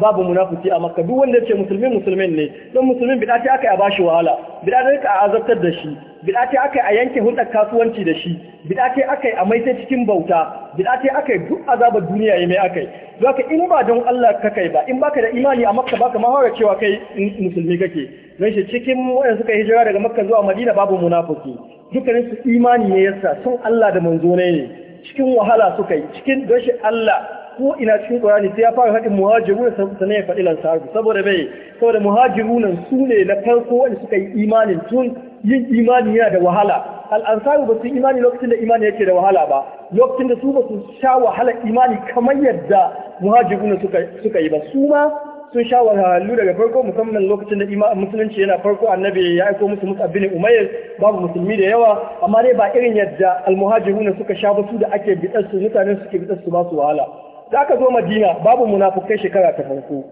Speaker 1: babu munafiki a makka duk wanda yake musulmi musulmin ne don musulmin bid'a ce aka a bashi wahala bid'a ne a azabtar da shi bid'a ce kai a yanke hulɗar kasuwanci da shi bid'a ce kai a maita cikin bauta bid'a ce kai duk azabar duniya ya mai akai zaka in ba don Allah ka kai ba in baka da imani a makka baka ma cewa kai musulmi kake don shi cikin wanda suka hijira daga makka zuwa madina babu munafiki dukkanin su imani ne yasa sun Allah da manzo ne cikin wahala suka yi cikin don shi Allah ko ina cikin Qur'ani sai ya fara haɗin muhajirun sannan ya faɗi lansaru saboda bai saboda muhajirun su ne na farko wanda suka yi imanin tun yin imani yana da wahala al'ansaru ba su imani lokacin da imani yake da wahala ba lokacin da su ba su sha wahala imani kamar yadda muhajirun suka yi ba su ma sun sha wahalhalu daga farko musamman lokacin da ima musulunci yana farko annabi ya aiko musu musu abin umayyar babu musulmi da yawa amma dai ba irin yadda almuhajiruna suka sha ba su da ake bidar su mutanen suke bidar su ba su wahala da aka zo madina babu munafukai shekara ta farko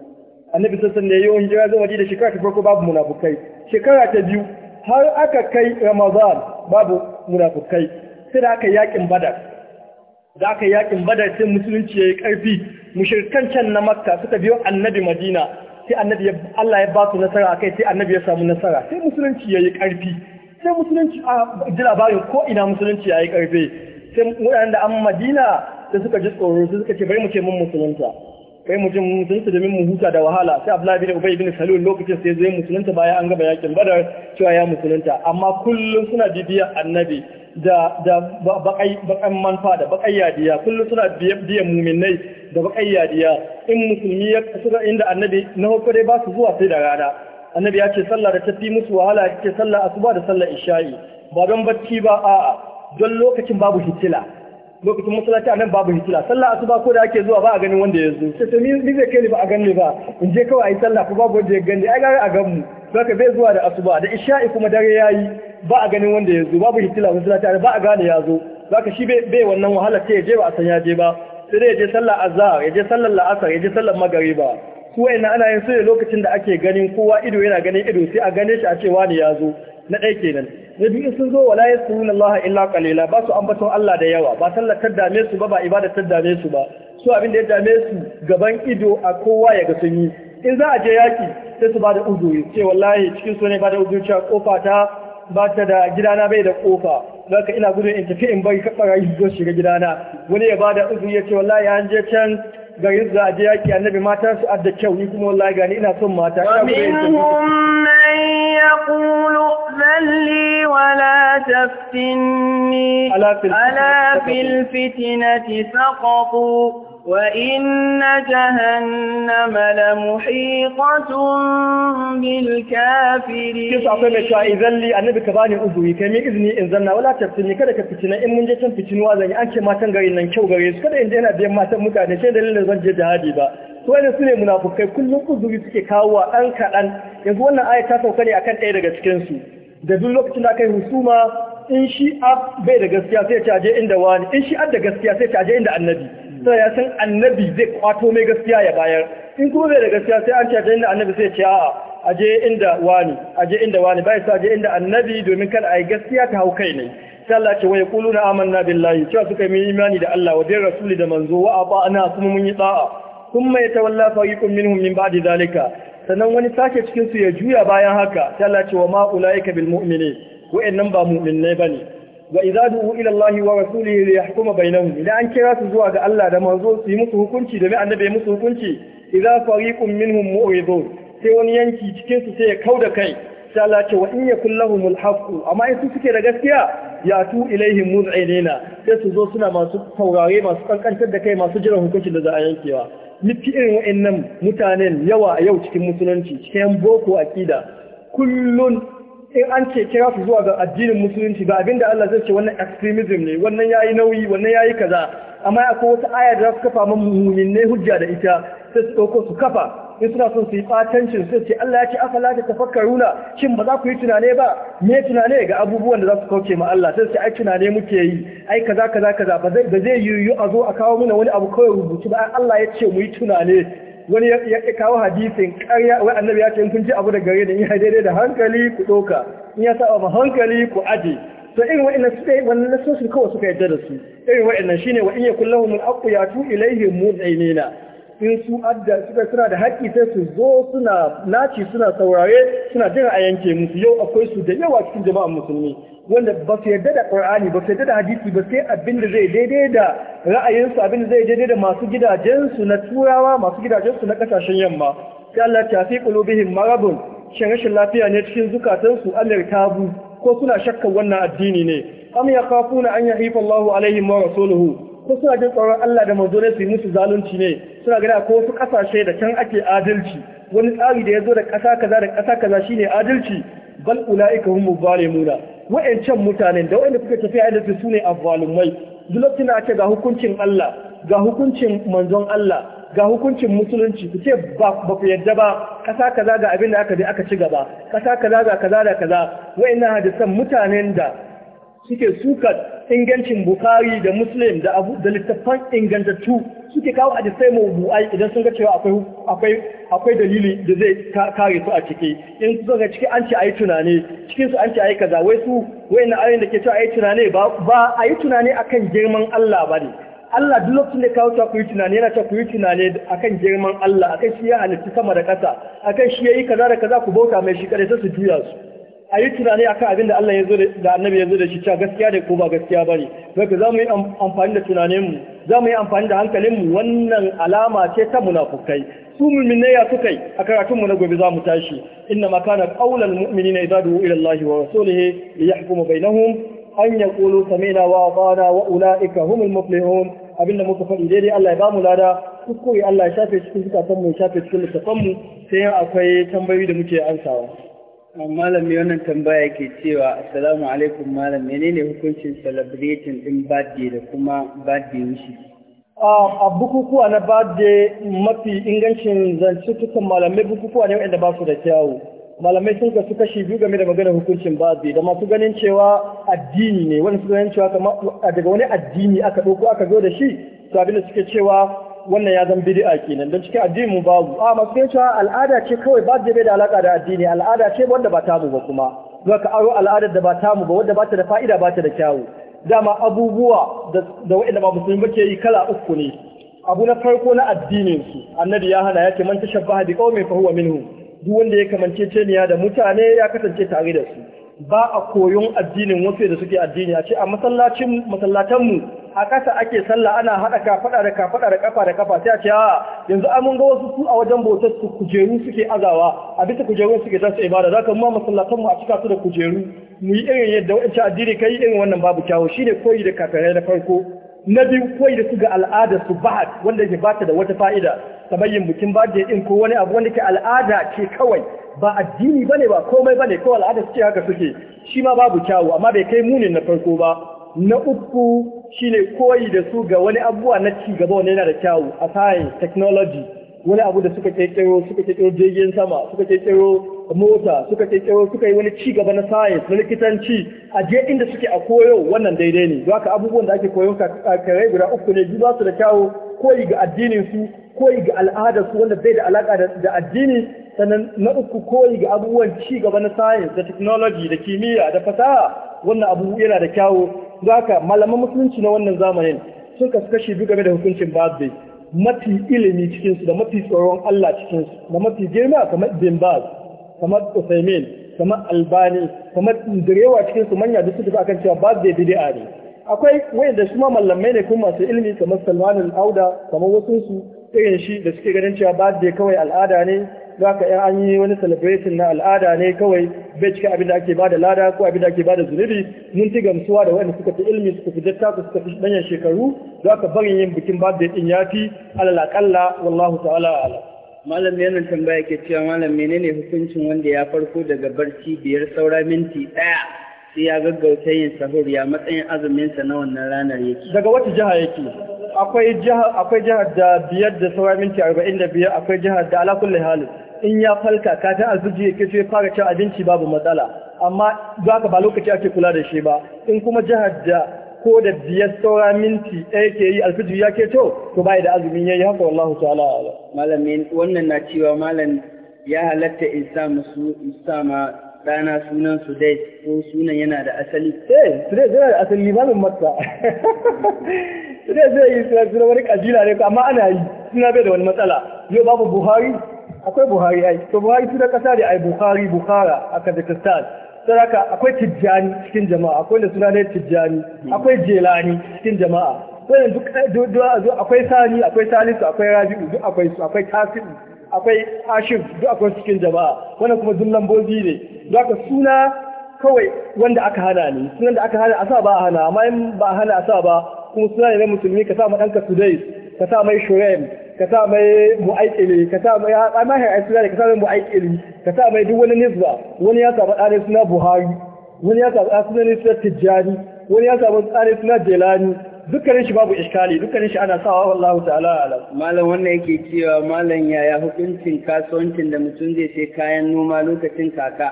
Speaker 1: annabi sassan da yayin hijira zo madina shekara ta farko babu munafukai shekara ta biyu har aka kai ramadan babu munafukai sai da aka yakin badar da aka yakin badar sai musulunci yayi karfi mushirkan can na makka suka biyo annabi madina sai annabi Allah ya ba su nasara kai, sai annabi ya samu nasara sai musulunci yi karfi sai musulunci a ji labarin ko ina musulunci yayi karfi sai waɗanda an madina sai suka ji tsoro sai suka ce bai mu ce mun musulunta kai mu jin musulunta domin mu huta da wahala sai Abdullahi bin Ubay bin Salul lokacin sai zai musulunta bayan an gaba yakin Badar cewa ya musulunta amma kullum suna bibiyar Annabi da da bakai bakan manfa da bakai yadiya kullum suna biyan muminai da bakai yadiya in musulmi ya suka inda Annabi na hukku dai ba su zuwa sai da rana Annabi ya ce sallah da ta fi musu wahala ya ce sallah asuba da sallah isha'i ba don bacci ba a'a don lokacin babu hitila lokacin masallaci a nan babu hitila sallah asuba ko da ake zuwa ba a ganin wanda ya zo sai sai ni zai kai ni ba a ganni ba in je kawai ayi sallah ko babu wanda ya gani ai gara a gan mu saka bai zuwa da asuba da isha'i kuma dare yayi ba a ganin wanda ya zo babu hitila masallaci ba a gane ya zo saka shi bai wannan wahala sai ya je ba a san ya je ba sai ya je sallar azhar ya je sallar la'asar ya je sallar magariba su ina ana yin su lokacin da ake ganin kowa ido yana ganin ido sai a gane shi a ce wani ya zo na ɗaya kenan na biyu sun zo wala nuna Allah illa qalila ba su ambaton Allah da yawa ba sallar ta dame su ba ba ibada ta dame su ba su abin da ya dame su gaban ido a kowa ya ga sun yi in za a je yaki sai su ba da uzuri ce wallahi cikin su ne ba da uzuri cewa kofa ta ba ta da gidana bai da kofa zaka ina gudun in tafi in bai kaɓa rayu zo shiga gidana wani ya ba da uzuri ya ce wallahi an je can garin za a je yaki annabi matan su adda kyau ni kuma wallahi gani ina son mata ina
Speaker 2: ومن يقول ائذن لي ولا تفتني ألا في الفتنة سقطوا وإن جهنم لمحيطة
Speaker 1: بالكافرين kisa akwai mai cewa idan li annabi ka bani uzuri yi min izini in zanna wala tafsini kada ka fitina in mun je can fitinuwa zan yi an matan garin nan kyau gare su kada in yana biyan matan mutane sai dalilin zan je jihadi ba to wani su ne munafukai kullum uzuri suke kawo wa ɗan kaɗan yanzu wannan aya ta sauka ne akan ɗaya daga cikinsu da duk lokacin da aka yi husuma in shi ab bai da gaskiya sai ta je inda wani in shi ab da gaskiya sai ta je inda annabi sai ya san annabi zai kwato mai gaskiya ya bayar in kuma bai da gaskiya sai an caje inda annabi sai ce a'a aje inda wani aje inda wani bai sa aje inda annabi domin kada a yi gaskiya ta hau kai ne sai Allah ce wa yaquluna amanna billahi cewa suka yi imani da Allah wa bi rasuli da manzo wa aba'ana kuma mun yi da'a kuma ya tawalla fariqun minhum min ba'di zalika sannan wani sake cikin su ya juya bayan haka sai Allah ce wa ma ulaika bil mu'mini wa'annan ba mu'minai bane wa idza du'u ila Allah wa rasulihi li yahkuma bainahum idan an kira su zuwa ga Allah da manzo su yi musu hukunci da mai annabi musu hukunci idza fariqun minhum mu'ridun sai wani yanki cikin su sai ya kauda kai sai Allah ce wa in yakul lahumul amma in su suke da gaskiya ya tu ilaihim mun'inina sai su zo suna masu taurare masu kankantar da kai masu jiran hukuncin da za a yankewa miki irin wa'annan mutanen yawa a yau cikin musulunci cikin boko akida kullun in an ce kira su zuwa ga addinin musulunci ba abinda Allah zai ce wannan extremism ne wannan yayi nauyi wannan yayi kaza amma akwai wata aya da za su kafa mun ne hujja da ita sai su ɗauko su kafa in suna son su yi fatancin su ce Allah ya ce afala ta tafakkaruna shin ba za ku yi tunane ba me tunane ga abubuwan da za su kauce ma Allah sai su ai tunane muke yi ai kaza kaza kaza ba zai zai yiwu a zo a kawo mana wani abu kawai rubutu ba Allah ya ce mu yi tunane wani ya kawo hadisin ƙarya wai annabi ya ce in kun ji abu da gare da in ya daidai da hankali ku ɗauka in ya saba ma hankali ku aje to irin wa'annan su dai wannan nasosin kawai suka yarda da su irin wa'annan shine wa in yakul lahum al akuyatu yatu ilayhi mu'minina in su adda suka suna da haƙƙi sai su zo suna naci suna saurare suna jira a yanke musu yau akwai su da yawa cikin jama'an musulmi wanda ba su yarda da ƙur'ani ba su yarda da hadisi ba sai abin da zai daidai da ra'ayinsu abin da zai daidai da masu gidajensu na turawa masu gidajensu na kasashen yamma sai Allah ta fi qulubihim maradun shin rashin lafiya ne cikin zukatansu bu, ko suna shakkar wannan addini ne am yaqafuna an yahifa Allahu alaihim wa rasuluhu ko suna jin tsoron Allah da manzo ne su yi musu zalunci ne suna gada ko wasu kasashe da can ake adalci wani tsari da ya zo da kasa kaza da kasa kaza shine adalci bal ulaika hum zalimuna wa'ancan mutanen da wa'anda kuka tafiya inda su ne azzalumai duk lokacin da ake ga hukuncin Allah ga hukuncin manzon Allah ga hukuncin musulunci ku ce ba ku yadda ba kasa kaza ga abin da aka je aka ci gaba kasa kaza ga kaza da kaza wayannan hadisan mutanen da suke sukar ingancin Bukhari da Muslim da Abu da littafan ingantattu suke kawo hadisai mawdu'ai idan sun ga cewa akwai dalili da zai kare su a ciki in su ga ciki an ce ayi tunane cikin su an ce ayi kaza wai su na ayin da ke cewa ayi tunane ba ba ayi tunane akan girman Allah bane Allah duk lokacin da kawo ta ku yi tunani yana ta ku yi tunani akan girman Allah akan shi ya halitta sama da ƙasa akan shi yayi kaza da kaza ku bauta mai shi kare sai su juya su a yi tunani akan abin da Allah ya zo da annabi ya zo da shi cewa gaskiya ne ko ba gaskiya ba ne zaka za mu yi amfani da tunaninmu za mu yi amfani da hankalinmu wannan alama ce ta munafukai su mu'minai ya suka yi a karatunmu na gobe za mu tashi inna ma kana qaulal mu'minina idza du'u ila Allah wa rasulihi li yahkuma bainahum an yaqulu sami'na wa ata'na wa ulaika humul muflihun abinda muka faɗi daidai Allah ya ba mu lada kuskure Allah ya shafe cikin zukatan mu ya shafe cikin littafan mu sai akwai tambayoyi da muke ansawa malam mai wannan tambaya ke cewa assalamu alaikum malam menene hukuncin celebrating din birthday da kuma birthday wishes a bukukuwa na birthday mafi ingancin zancutukan malamai bukukuwa ne wanda ba su da kyawu malamai sun kasu kashi biyu game da maganar hukuncin birthday da masu ganin cewa addini ne wani su ganin cewa daga wani addini aka ɗauko aka zo da shi abin da suke cewa wannan ya zan bid'a kenan don cikin addini mu babu a masu cewa al'ada ce kawai ba da da alaka da addini al'ada ce wanda ba tamu ba kuma zuwa ka aro al'adar da ba mu ba wanda ba ta da fa'ida ba ta da kyawu dama abubuwa da waɗanda ba musulmi ba ke yi kala uku ne abu na farko na addinin su annabi ya hana ya ce man tashabbaha bi qaumin fa huwa minhu duk wanda ya kamanceceniya da mutane ya kasance tare da su ba a koyon addinin wasu da suke addini a ce a masallacin masallatanmu a kasa ake sallah ana haɗa kafaɗa da kafaɗa da kafa da kafa sai a ce a yanzu mun ga wasu su a wajen bautar su kujeru suke azawa a bisa kujeru suke za su ibada ka mu masallatanmu a cika su da kujeru mu yi irin yadda wancan addini kai irin wannan babu kyawu shine koyi da kafirai na farko na biyu koyi da su ga al'ada su bahad wanda ke bata da wata fa'ida tabayyin bikin da din ko wani abu wanda ke al'ada ce kawai ba addini bane ba komai bane ko al'ada suke haka suke shi ma babu kyawu amma bai kai muni na farko ba na uku shine koyi da su ga wani abubuwa na ci gaba wanda yana da kyawu a science technology wani abu da suka kekero suka kekero jirgin sama suka kekero mota suka kekero suka yi wani ci gaba na science na likitanci a je inda suke a koyo wannan daidai ne zaka abubuwan da ake koyon kare guda uku ne biyu ba su da kyawu koyi ga addinin su koyi ga al'adar su wanda bai da alaka da addini sannan na uku koyi ga abubuwan ci gaba na science da technology da kimiyya da fasaha wannan abu yana da kyawu zaka malaman musulunci na wannan zamanin sun kasu kashi biyu game da hukuncin babbe mafi ilimi cikinsu da mafi tsoron Allah cikinsu da mafi girma kamar Ibn baz kamar Uthaymeen kamar albani kamar direwa cikinsu manya da suka akan cewa babbe bid'a ne akwai wanda su ma mallamai ne kuma masu ilimi kamar salman al-auda kamar wasu su irin shi da suke ganin cewa ba kawai al'ada ne za ka an yi wani celebration na al'ada ne kawai bai cika abin da ake bada lada ko abin da ake bada zunubi mun ci gamsuwa da wanda suka fi ilmi suka fi jatta suka fi danyen shekaru za ka barin yin bikin birthday din ya fi alal wallahu ta'ala ala malam yana tambaya ke cewa malam menene hukuncin wanda ya farko daga barci biyar saura minti ɗaya sai ya gaggauta yin sahur ya matsayin azuminsa na wannan ranar yake. Daga wata jiha yake? Akwai jihar akwai jihar da biyar da sauran minti arba'in da biyar akwai jihar da ala kulli halin. In ya falka kafin alfiji ya sai fara cin abinci babu matsala. Amma za ka ba lokaci ake kula da shi ba. In kuma jihar da ko da biyar saura minti ɗaya ke yi alfijir ya ke to to bai da azumin yayi haka wallahu ta'ala. Malamin wannan na cewa malam ya halatta in sa musu in sa ma ɗana sunan dai ko sunan yana da asali. Eh, Sudais yana da asali babin matsa. Sudais zai yi sunan sunan wani kabila ne amma ana yi suna bai da wani matsala. Yau babu Buhari, akwai Buhari ai. To Buhari suna kasa da ai Buhari, Bukhara a Kazakhstan. Saraka akwai Tijjani cikin jama'a, akwai da suna ne Tijjani, akwai Jelani cikin jama'a. Wannan eh, duk akwai Sani, akwai Salisu, akwai Rabi'u, duk akwai su, akwai Tasiru. akwai ashir duk akwai cikin jama'a wannan kuma duk lambobi ne zaka suna kawai wanda aka hana ne sunan da aka hana a sa ba a hana amma in ba a hana a sa ba kuma suna ne na musulmi ka sa ma ɗanka sudai ka sa mai shurem ka sa mai mu'aikili ka sa mai amahin aisira da ka sa mai mu'aikili ka sa mai duk wani nisba wani ya samu ɗane suna buhari wani ya samu ɗane suna tijjani wani ya samu ɗane suna jelani dukkanin shi babu iskali dukkanin shi ana sawa wallahu ta'ala alam malam wannan yake cewa malam yaya hukuncin kasuwancin da mutum zai sai kayan noma lokacin kaka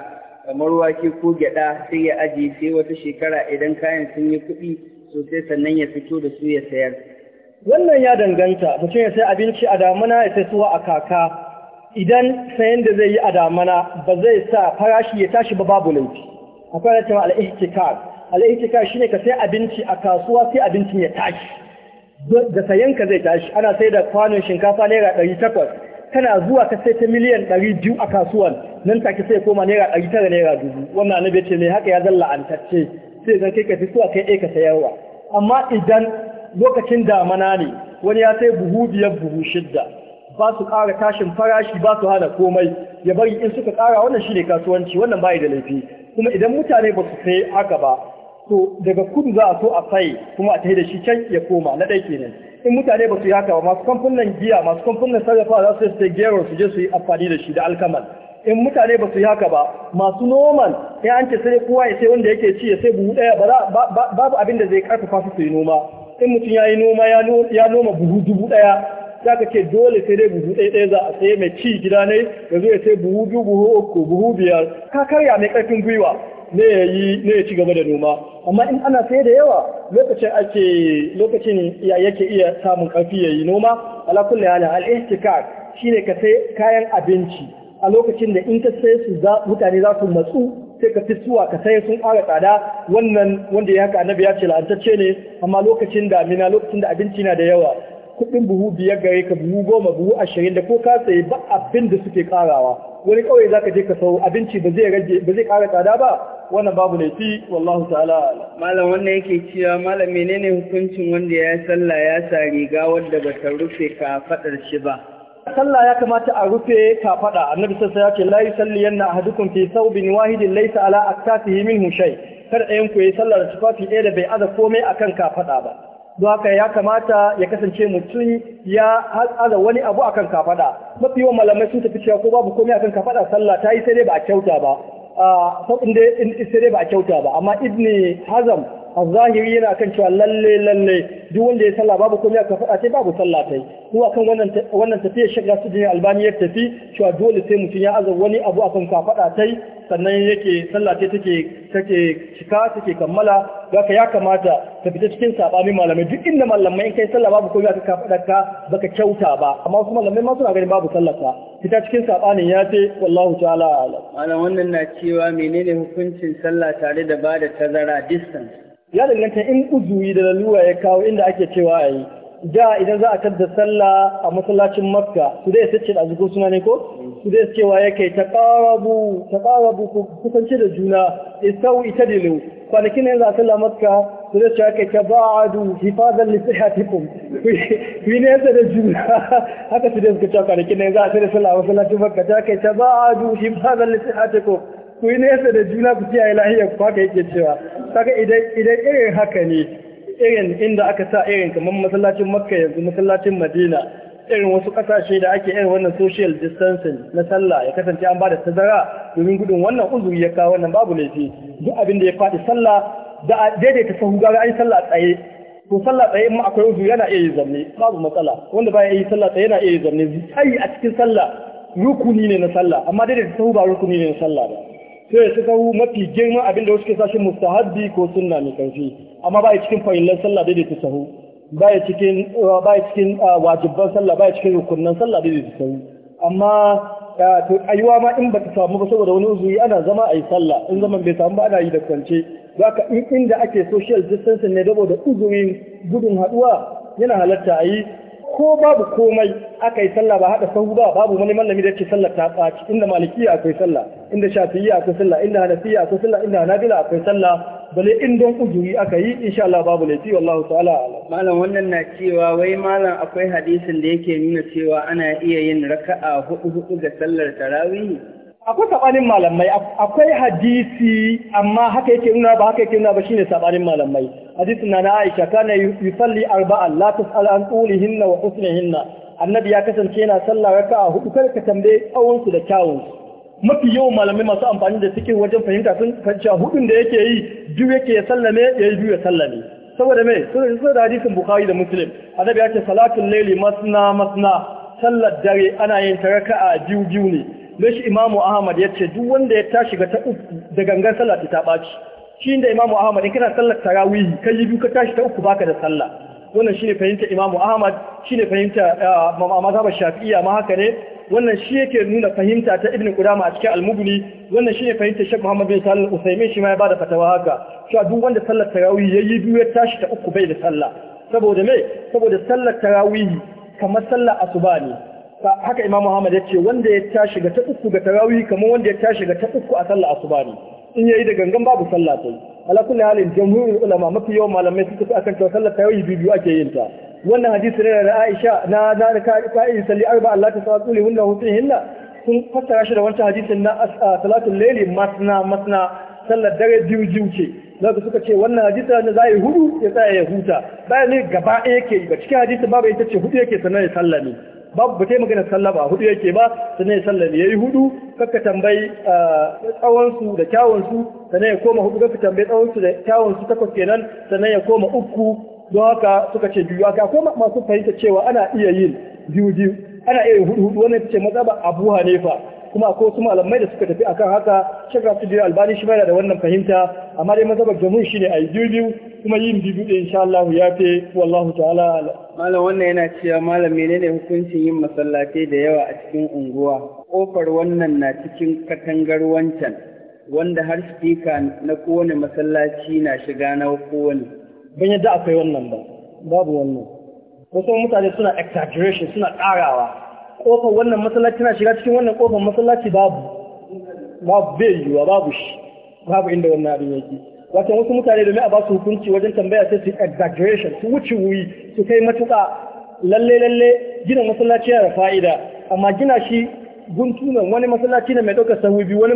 Speaker 1: kamar wake ko gyada sai ya aji sai wata shekara idan kayan sun yi kuɗi sosai sannan ya fito da su ya sayar wannan ya danganta mutum ya sai abinci a damuna ya sai suwa a kaka idan sayan da zai yi a damuna ba zai sa farashi ya tashi ba babu laifi akwai na cewa al-ihtikar al’itika shi ne ka sai abinci a kasuwa sai abinci ya tashi da sayanka zai tashi ana sai da kwanon shinkafa naira ɗari takwas kana zuwa ka sai ta miliyan ɗari biyu a kasuwan nan take sai koma naira ɗari tara naira dubu wannan na ce mai haka ya zalla antacce sai zan kai ka fi suwa kai ka sayarwa amma idan lokacin damana ne wani ya sai buhu biyar buhu shidda ba su ƙara tashin farashi ba su hana komai ya bari in suka ƙara wannan shi kasuwanci wannan bayi da laifi kuma idan mutane ba su sai haka ba to daga kudu za a so a sai kuma a tafi da shi can ya koma na ɗai kenan in mutane ba su yi haka ba masu kamfunan giya masu kamfunan sarrafa za su yi gero su je su yi amfani da shi da alkamal in mutane ba su yi haka ba masu noman ya an ce sai kowa ya sai wanda yake ci ya sai buhu ɗaya babu abin da zai karfafa su su yi noma in mutum ya yi noma ya noma buhu dubu ɗaya za ka ce dole sai dai buhu ɗaya za a tsaye mai ci gida ne ya zo ya sai buhu biyu buhu uku buhu biyar ka karya mai ƙarfin gwiwa ne ya yi ne ya ci gaba da noma amma in ana sai da yawa lokacin ake lokacin yake iya samun ƙarfi ya yi noma ala kulli hali al ihtikar shine ka sai kayan abinci a lokacin da in ka sai su mutane za su matsu sai ka fisuwa ka sai sun ƙara tsada wannan wanda ya haka annabi ya ce la'antacce ne amma lokacin damina lokacin da abinci na da yawa kuɗin buhu biyar gare ka buhu goma buhu ashirin da ko ka sayi ba abin da suke karawa wani kawai za ka je ka sau abinci ba zai rage kara tsada ba wannan babu laifi wallahu ta'ala malam wannan yake cewa malam menene hukuncin wanda ya sallah ya sa riga wadda ba ta rufe ka fadar shi ba sallah ya kamata a rufe ka fada annabi sallallahu ya ce la yanna ahadukum fi thawbin wahidin laysa ala aktafihi minhu shay kar ɗayan ku yi sallah da tufafi ɗaya da bai aza komai akan kafaɗa ba don haka ya kamata ya kasance mutum ya haɗa wani abu akan kafaɗa, mafi yawan malamai sun tafi cewa ko babu komai akan kafada sallah ta yi sai dai ba a kyauta ba ah, sai dai ba a kyauta ba amma ibni hazam a zahiri yana kan cewa lalle lalle duk wanda ya sallah babu komai aka faɗa sai babu sallah tai kuma kan wannan wannan tafiya shiga su jini albani ya tafi cewa dole sai mutum ya azar wani abu akan ka faɗa tai sannan yake sallah tai take take cika take kammala zaka ya kamata ka fita cikin sabani malamai duk inda malamai in kai sallah babu komai aka ka faɗa ka baka kyauta ba amma wasu malamai ma suna ganin babu sallah ka fita cikin sabanin ya ce wallahu ta'ala ala wannan na cewa menene hukuncin sallah tare da bada tazara distance ya danganta in uzuri da lalura ya kawo inda ake cewa a yi da idan za a tadda sallah a masallacin makka su zai sace da azuko suna ne ko su dai cewa ya kai ta qarabu ta qarabu ku kusance da juna sau ita da itadilu kwanakin yanzu a sallah makka su zai cewa kai ta hifadan li sihhatikum ku ne yanzu da juna haka su zai suka cewa kwanakin yanzu a sallah masallacin makka ta kai tabadu hifadan li sihhatikum ku yi nesa da juna ku siya lahiyar ku haka yake cewa kaga idan idan irin haka ne irin inda aka sa irin kamar masallacin makka yanzu masallacin madina irin wasu kasashe da ake irin wannan social distancing na sallah ya kasance an bada tazara domin gudun wannan uzuri ya kawo wannan babu laifi duk abin da ya faɗi sallah da daidaita sahu gara an sallah tsaye ko sallah tsaye in akwai uzuri yana iya yi zanne babu matsala wanda baya yi sallah tsaye yana iya yi zanne tsayi a cikin sallah rukuni ne na sallah amma daidaita sahu ba rukuni ne na sallah ba sai su kawo mafi girman abin da ke sashi mustahabbi ko sunna mai karfi amma ba cikin farillan sallah daidai ta sahu ba ya cikin ah, wajibban sallah ba ya cikin rukunnan sallah daidai ta sahu amma ah, to ayuwa ma in ba ta samu ba saboda wani uzuri ana zama a yi sallah in zaman bai samu ba ana yi da kwance zaka in inda ake social distancing ne saboda uzurin gudun haduwa yana halatta yi ko babu komai aka yi sallah ba haɗa sahu ba babu wani malami da yake sallah ta tsaci inda ya akwai sallah inda ya akwai sallah inda ya akwai sallah inda hanabila akwai sallah bale in don ujuri aka yi insha Allah babu laifi wallahu ta'ala malam wannan na cewa wai malam akwai hadisin da yake nuna cewa ana iya yin raka'a hudu hudu ga sallar tarawih akwai sabanin malamai akwai hadisi amma haka yake nuna ba haka yake nuna ba shine sabanin malamai hadisin na Aisha kana yusalli arba'a la tas'al an qulihinna wa husnihinna annabi ya kasance yana sallah raka'a hudu kar ka tambaye tsawon su da kyawun mafi yawan malamai masu amfani da suke wajen fahimta sun kanta hudun da yake yi biyu yake ya sallame ya yi biyu ya sallame saboda mai sun da hadisin bukhari da muslim annabi ya ce salatul laili masna masna sallar dare ana yin ta raka'a biyu biyu ne don shi imamu ahmad ya ce duk wanda ya tashi ga ta da gangan sallah ta ɓaci shi da imamu ahmad in kana sallar tarawihi kai yi biyu ka tashi ta uku baka da sallah wannan shine fahimta imamu ahmad shine fahimta ah, mazhabar shafi'iyya ma haka ne wannan shi yake nuna fahimta ta ibn qudama a cikin al wannan shine fahimta shek muhammad bin salih al-usaymin shi ma ya bada fatawa haka cewa duk wanda sallar ya yayi biyu ya tashi ta uku bai da sallah saboda me saboda sallar tarawihi kamar sallar asuba ne haka Imam Muhammad ya ce wanda ya tashi ga ta uku ga tarawi kamar wanda ya tashi ga ta uku a sallah asuba ne in yayi da gangan babu sallah sai ala kulli halin jamhurin ulama mafi yawan malamai suka fi akan cewa sallar tarawih biyu ake yin ta wannan hadisi ne da Aisha na na ka ka'i salli arba Allah ta sallu li hunna hinna sun fassara shi da wancan hadisin na salatul layli masna masna sallar dare biyu biyu ce zaka suka ce wannan hadisi na zai hudu ya tsaya ya huta bayan ne gaba ɗaya yake ba cikin hadisi babu ita ce hudu yake sanar da sallah ne babu ba magana sallah ba hudu yake ba sannan ya sallah yi hudu kaka tambayi ah, tsawonsu da kyawunsu sannan ya koma hudu kaka tambayi tsawonsu da kyawunsu takwas kenan sannan ya koma uku don haka suka ce biyu aka koma masu fahimta cewa ana iya yin biyu biyu ana iya yin hudu hudu wannan ce mazhaba Abu hanefa kuma akwai wasu malamai da suka tafi akan haka shakka su jira albani shi bai da wannan fahimta amma dai mazhabar jamhur shine a yi biyu biyu kuma yin biyu biyu insha Allah ya fi wallahu ta'ala malam wannan yana cewa malam menene hukuncin yin masallatai da yawa a cikin unguwa kofar wannan na cikin katangar wancan wanda har spika na kowane masallaci na shiga na kowane ban yadda akwai wannan ba babu wannan wasu mutane suna exaggeration suna ƙarawa kofar wannan masallaci na shiga cikin wannan kofar masallaci babu babu bai yiwuwa babu shi babu inda wannan abin yake wato wasu mutane domin a ba su hukunci wajen tambaya sai su exaggeration su wuce wuri su kai matuƙa lalle lalle gina masallaci yana da fa'ida amma gina shi guntunan wani masallaci ne mai ɗaukar sahu biyu wani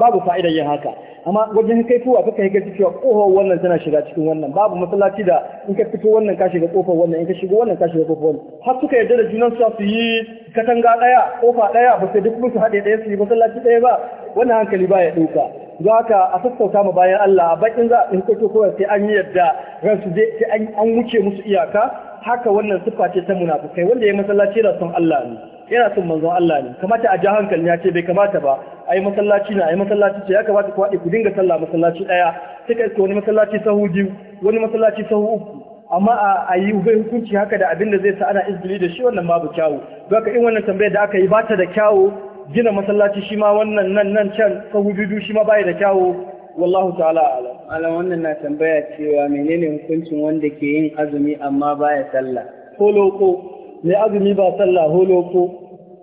Speaker 1: babu fa'idar yin haka amma wajen kai fuwa kaka yi kai cewa ƙofar wannan tana shiga cikin wannan babu masallaci da in ka fito wannan ka shiga ƙofar wannan in ka shiga wannan ka shiga ƙofar wannan har suka yarda da junan su su yi katanga ɗaya ƙofa ɗaya ba sai duk su haɗe ɗaya su yi masallaci ɗaya ba wannan hankali ba ya ɗauka za ka a sassauta ma bayan Allah a bakin za a tsinkoto kowa sai an yi yadda ransu sai an wuce musu iyaka haka wannan siffa ce ta munafukai wanda ya masallaci da son Allah ne yana son manzon Allah ne kamata a ja hankali ya ce bai kamata ba A yi masallaci na a yi masallaci ce ya kamata ku haɗe ku dinga sallah masallaci ɗaya sai ka iske wani masallaci sahu biyu wani masallaci sahu uku amma a yi ubai hukunci haka da abin da zai sa ana izbili da shi wannan babu kyawu don ka in wannan tambayar da aka yi ba ta da kyawu gina masallaci shi ma wannan nan nan can sahu biyu shi ma ba da kyawu wallahu ta'ala alam alam wannan na tambaya cewa menene hukuncin wanda ke yin azumi amma baya sallah ko loko ne azumi ba sallah holo ko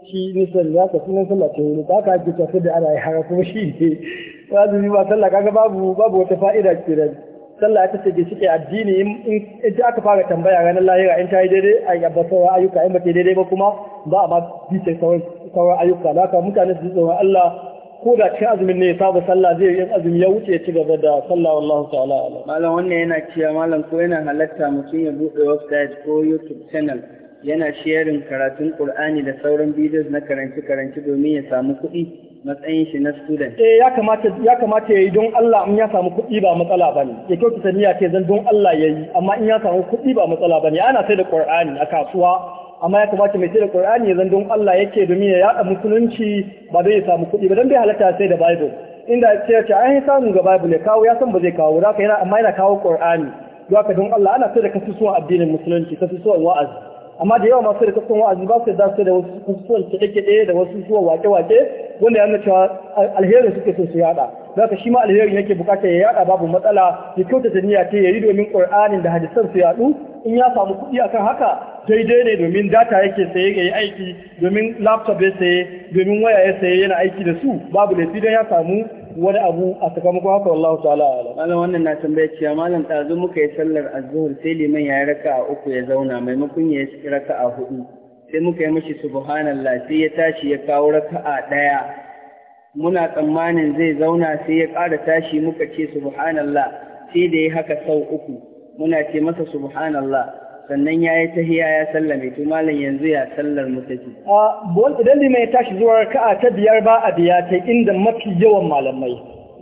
Speaker 1: shi nisan ya ka sunan sallah ce wuri ba ka ake tafi da ana yi haka kuma shi ne azumi ba sallah kaga babu babu wata fa'ida kiran sallah ta ce ke addini in ta aka fara tambaya ranar lahira in ta yi daidai a yabba sauran ayyuka in ba ta daidai ba kuma ba a ma bisa sauran ayyuka da haka mutane su ji tsoron Allah ko da cikin azumin ne ya saba sallah zai yi azumi ya wuce ya ci gaba da sallah wallahu ta'ala malam wannan yana cewa malam ko yana halatta mutum ya bude website ko youtube channel yana sharing karatun Kur'ani da sauran videos na karanci-karanci domin ya samu kuɗi matsayin shi na student. Eh ya kamata ya kamata yayi don Allah in ya samu kuɗi ba matsala bane. Ya kyautu saniya ce zan don Allah ya yi amma in ya samu kuɗi ba matsala bane. Ana sai da Qur'ani a kasuwa amma ya kamata mai sai da Qur'ani ya zan don Allah yake domin ya yaɗa musulunci ba zai samu kuɗi ba don bai halatta sai da Bible. Inda ce ce ai samu ga Bible ya kawo ya san ba zai kawo ba yana amma yana kawo Qur'ani. Don haka don Allah ana sai da kasusuwan addinin musulunci kasusuwan wa'azi. amma da yawa masu da kafin wa'azi ba su da su da wasu kusuwan ke ɗaya da wasu kusuwan wake-wake wanda ya cewa alherin suke so su yada za ka shi ma alherin yake bukata ya yada babu matsala ya kyautata niyya ta yayi domin ƙur'anin da hadisan su yadu in ya samu kuɗi akan haka daidai ne domin data yake saye ya yi aiki domin laptop ya saye domin waya ya saye yana aiki da su babu laifi don ya samu wani abu a sakamakon haka wallahu ta'ala ala malam wannan na tambaya cewa malam ɗazu muka yi sallar azhur sai liman ya raka a uku ya zauna maimakon ya yi raka a hudu sai muka yi mashi subhanallah sai ya tashi ya kawo raka a ɗaya muna tsammanin zai zauna sai ya ƙara tashi muka ce subhanallah sai da ya haka sau uku muna ce masa subhanallah sannan ya yi tahiya ya sallame to malam yanzu ya sallar mu a bol idan liman ya tashi zuwa raka'a ta biyar ba a biya ta inda mafi yawan malamai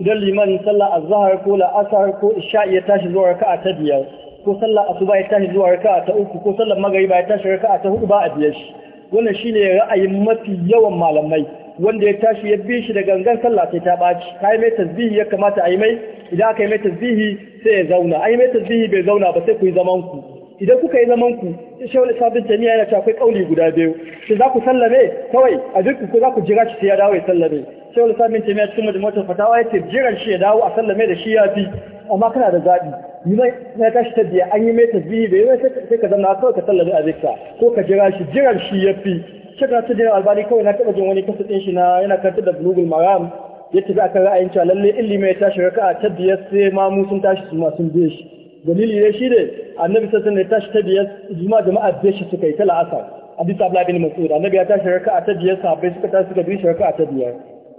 Speaker 1: idan liman sallar azhar ko la'asar ko isha'i ya tashi zuwa raka'a ta biyar ko sallar asuba ya tashi zuwa raka'a ta uku ko sallar magariba ya tashi raka'a ta hudu ba a biya shi wannan shine ra'ayin mafi yawan malamai wanda ya tashi ya bi shi da gangan sallah sai ta baci ka mai tasbihi ya kamata a yi mai idan aka yi mai tasbihi sai ya zauna ai mai tasbihi bai zauna ba sai ku yi zaman ku idan kuka yi zaman ku sai shehu lissafin jami'a yana cewa akwai kauli guda biyu sai za ku sallame kawai a duk ku za ku jira shi sai ya dawo ya sallame shehu lissafin jami'a cikin majalisar fatawa ya ce jiran shi ya dawo a sallame da shi ya fi amma kana da zaɓi ni mai na tashi ta biya an yi mai tasbihi bai mai sai ka zama kawai ka sallame a zikka ko ka jira shi jiran shi ya fi shekara ta jiran albani kawai na taɓa jin wani kasa ɗin shi na yana karanta da bulugul maram ya tafi akan ra'ayin cewa lallai ilimi ya tashi raka'a ta biyar sai mamu sun tashi su ma sun shi dalili ne shi ne annabi sassan da tashi ta biyar juma jama'a biyar shi suka yi ta la'asar a bisa abla bin mas'ud annabi ya tashi raka'a ta biyar sahabbai suka tashi suka bi shi raka'a ta biyar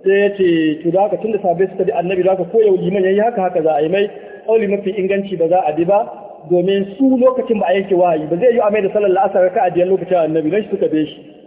Speaker 1: sai ya ce to da haka tunda sahabbai suka bi annabi da haka ko yau liman yayi haka haka za a yi mai auli mafi inganci ba za a bi ba domin su lokacin ba a yanke wahayi ba zai yi amai da sallar la'asar raka'a biyar lokacin annabi don shi suka bi shi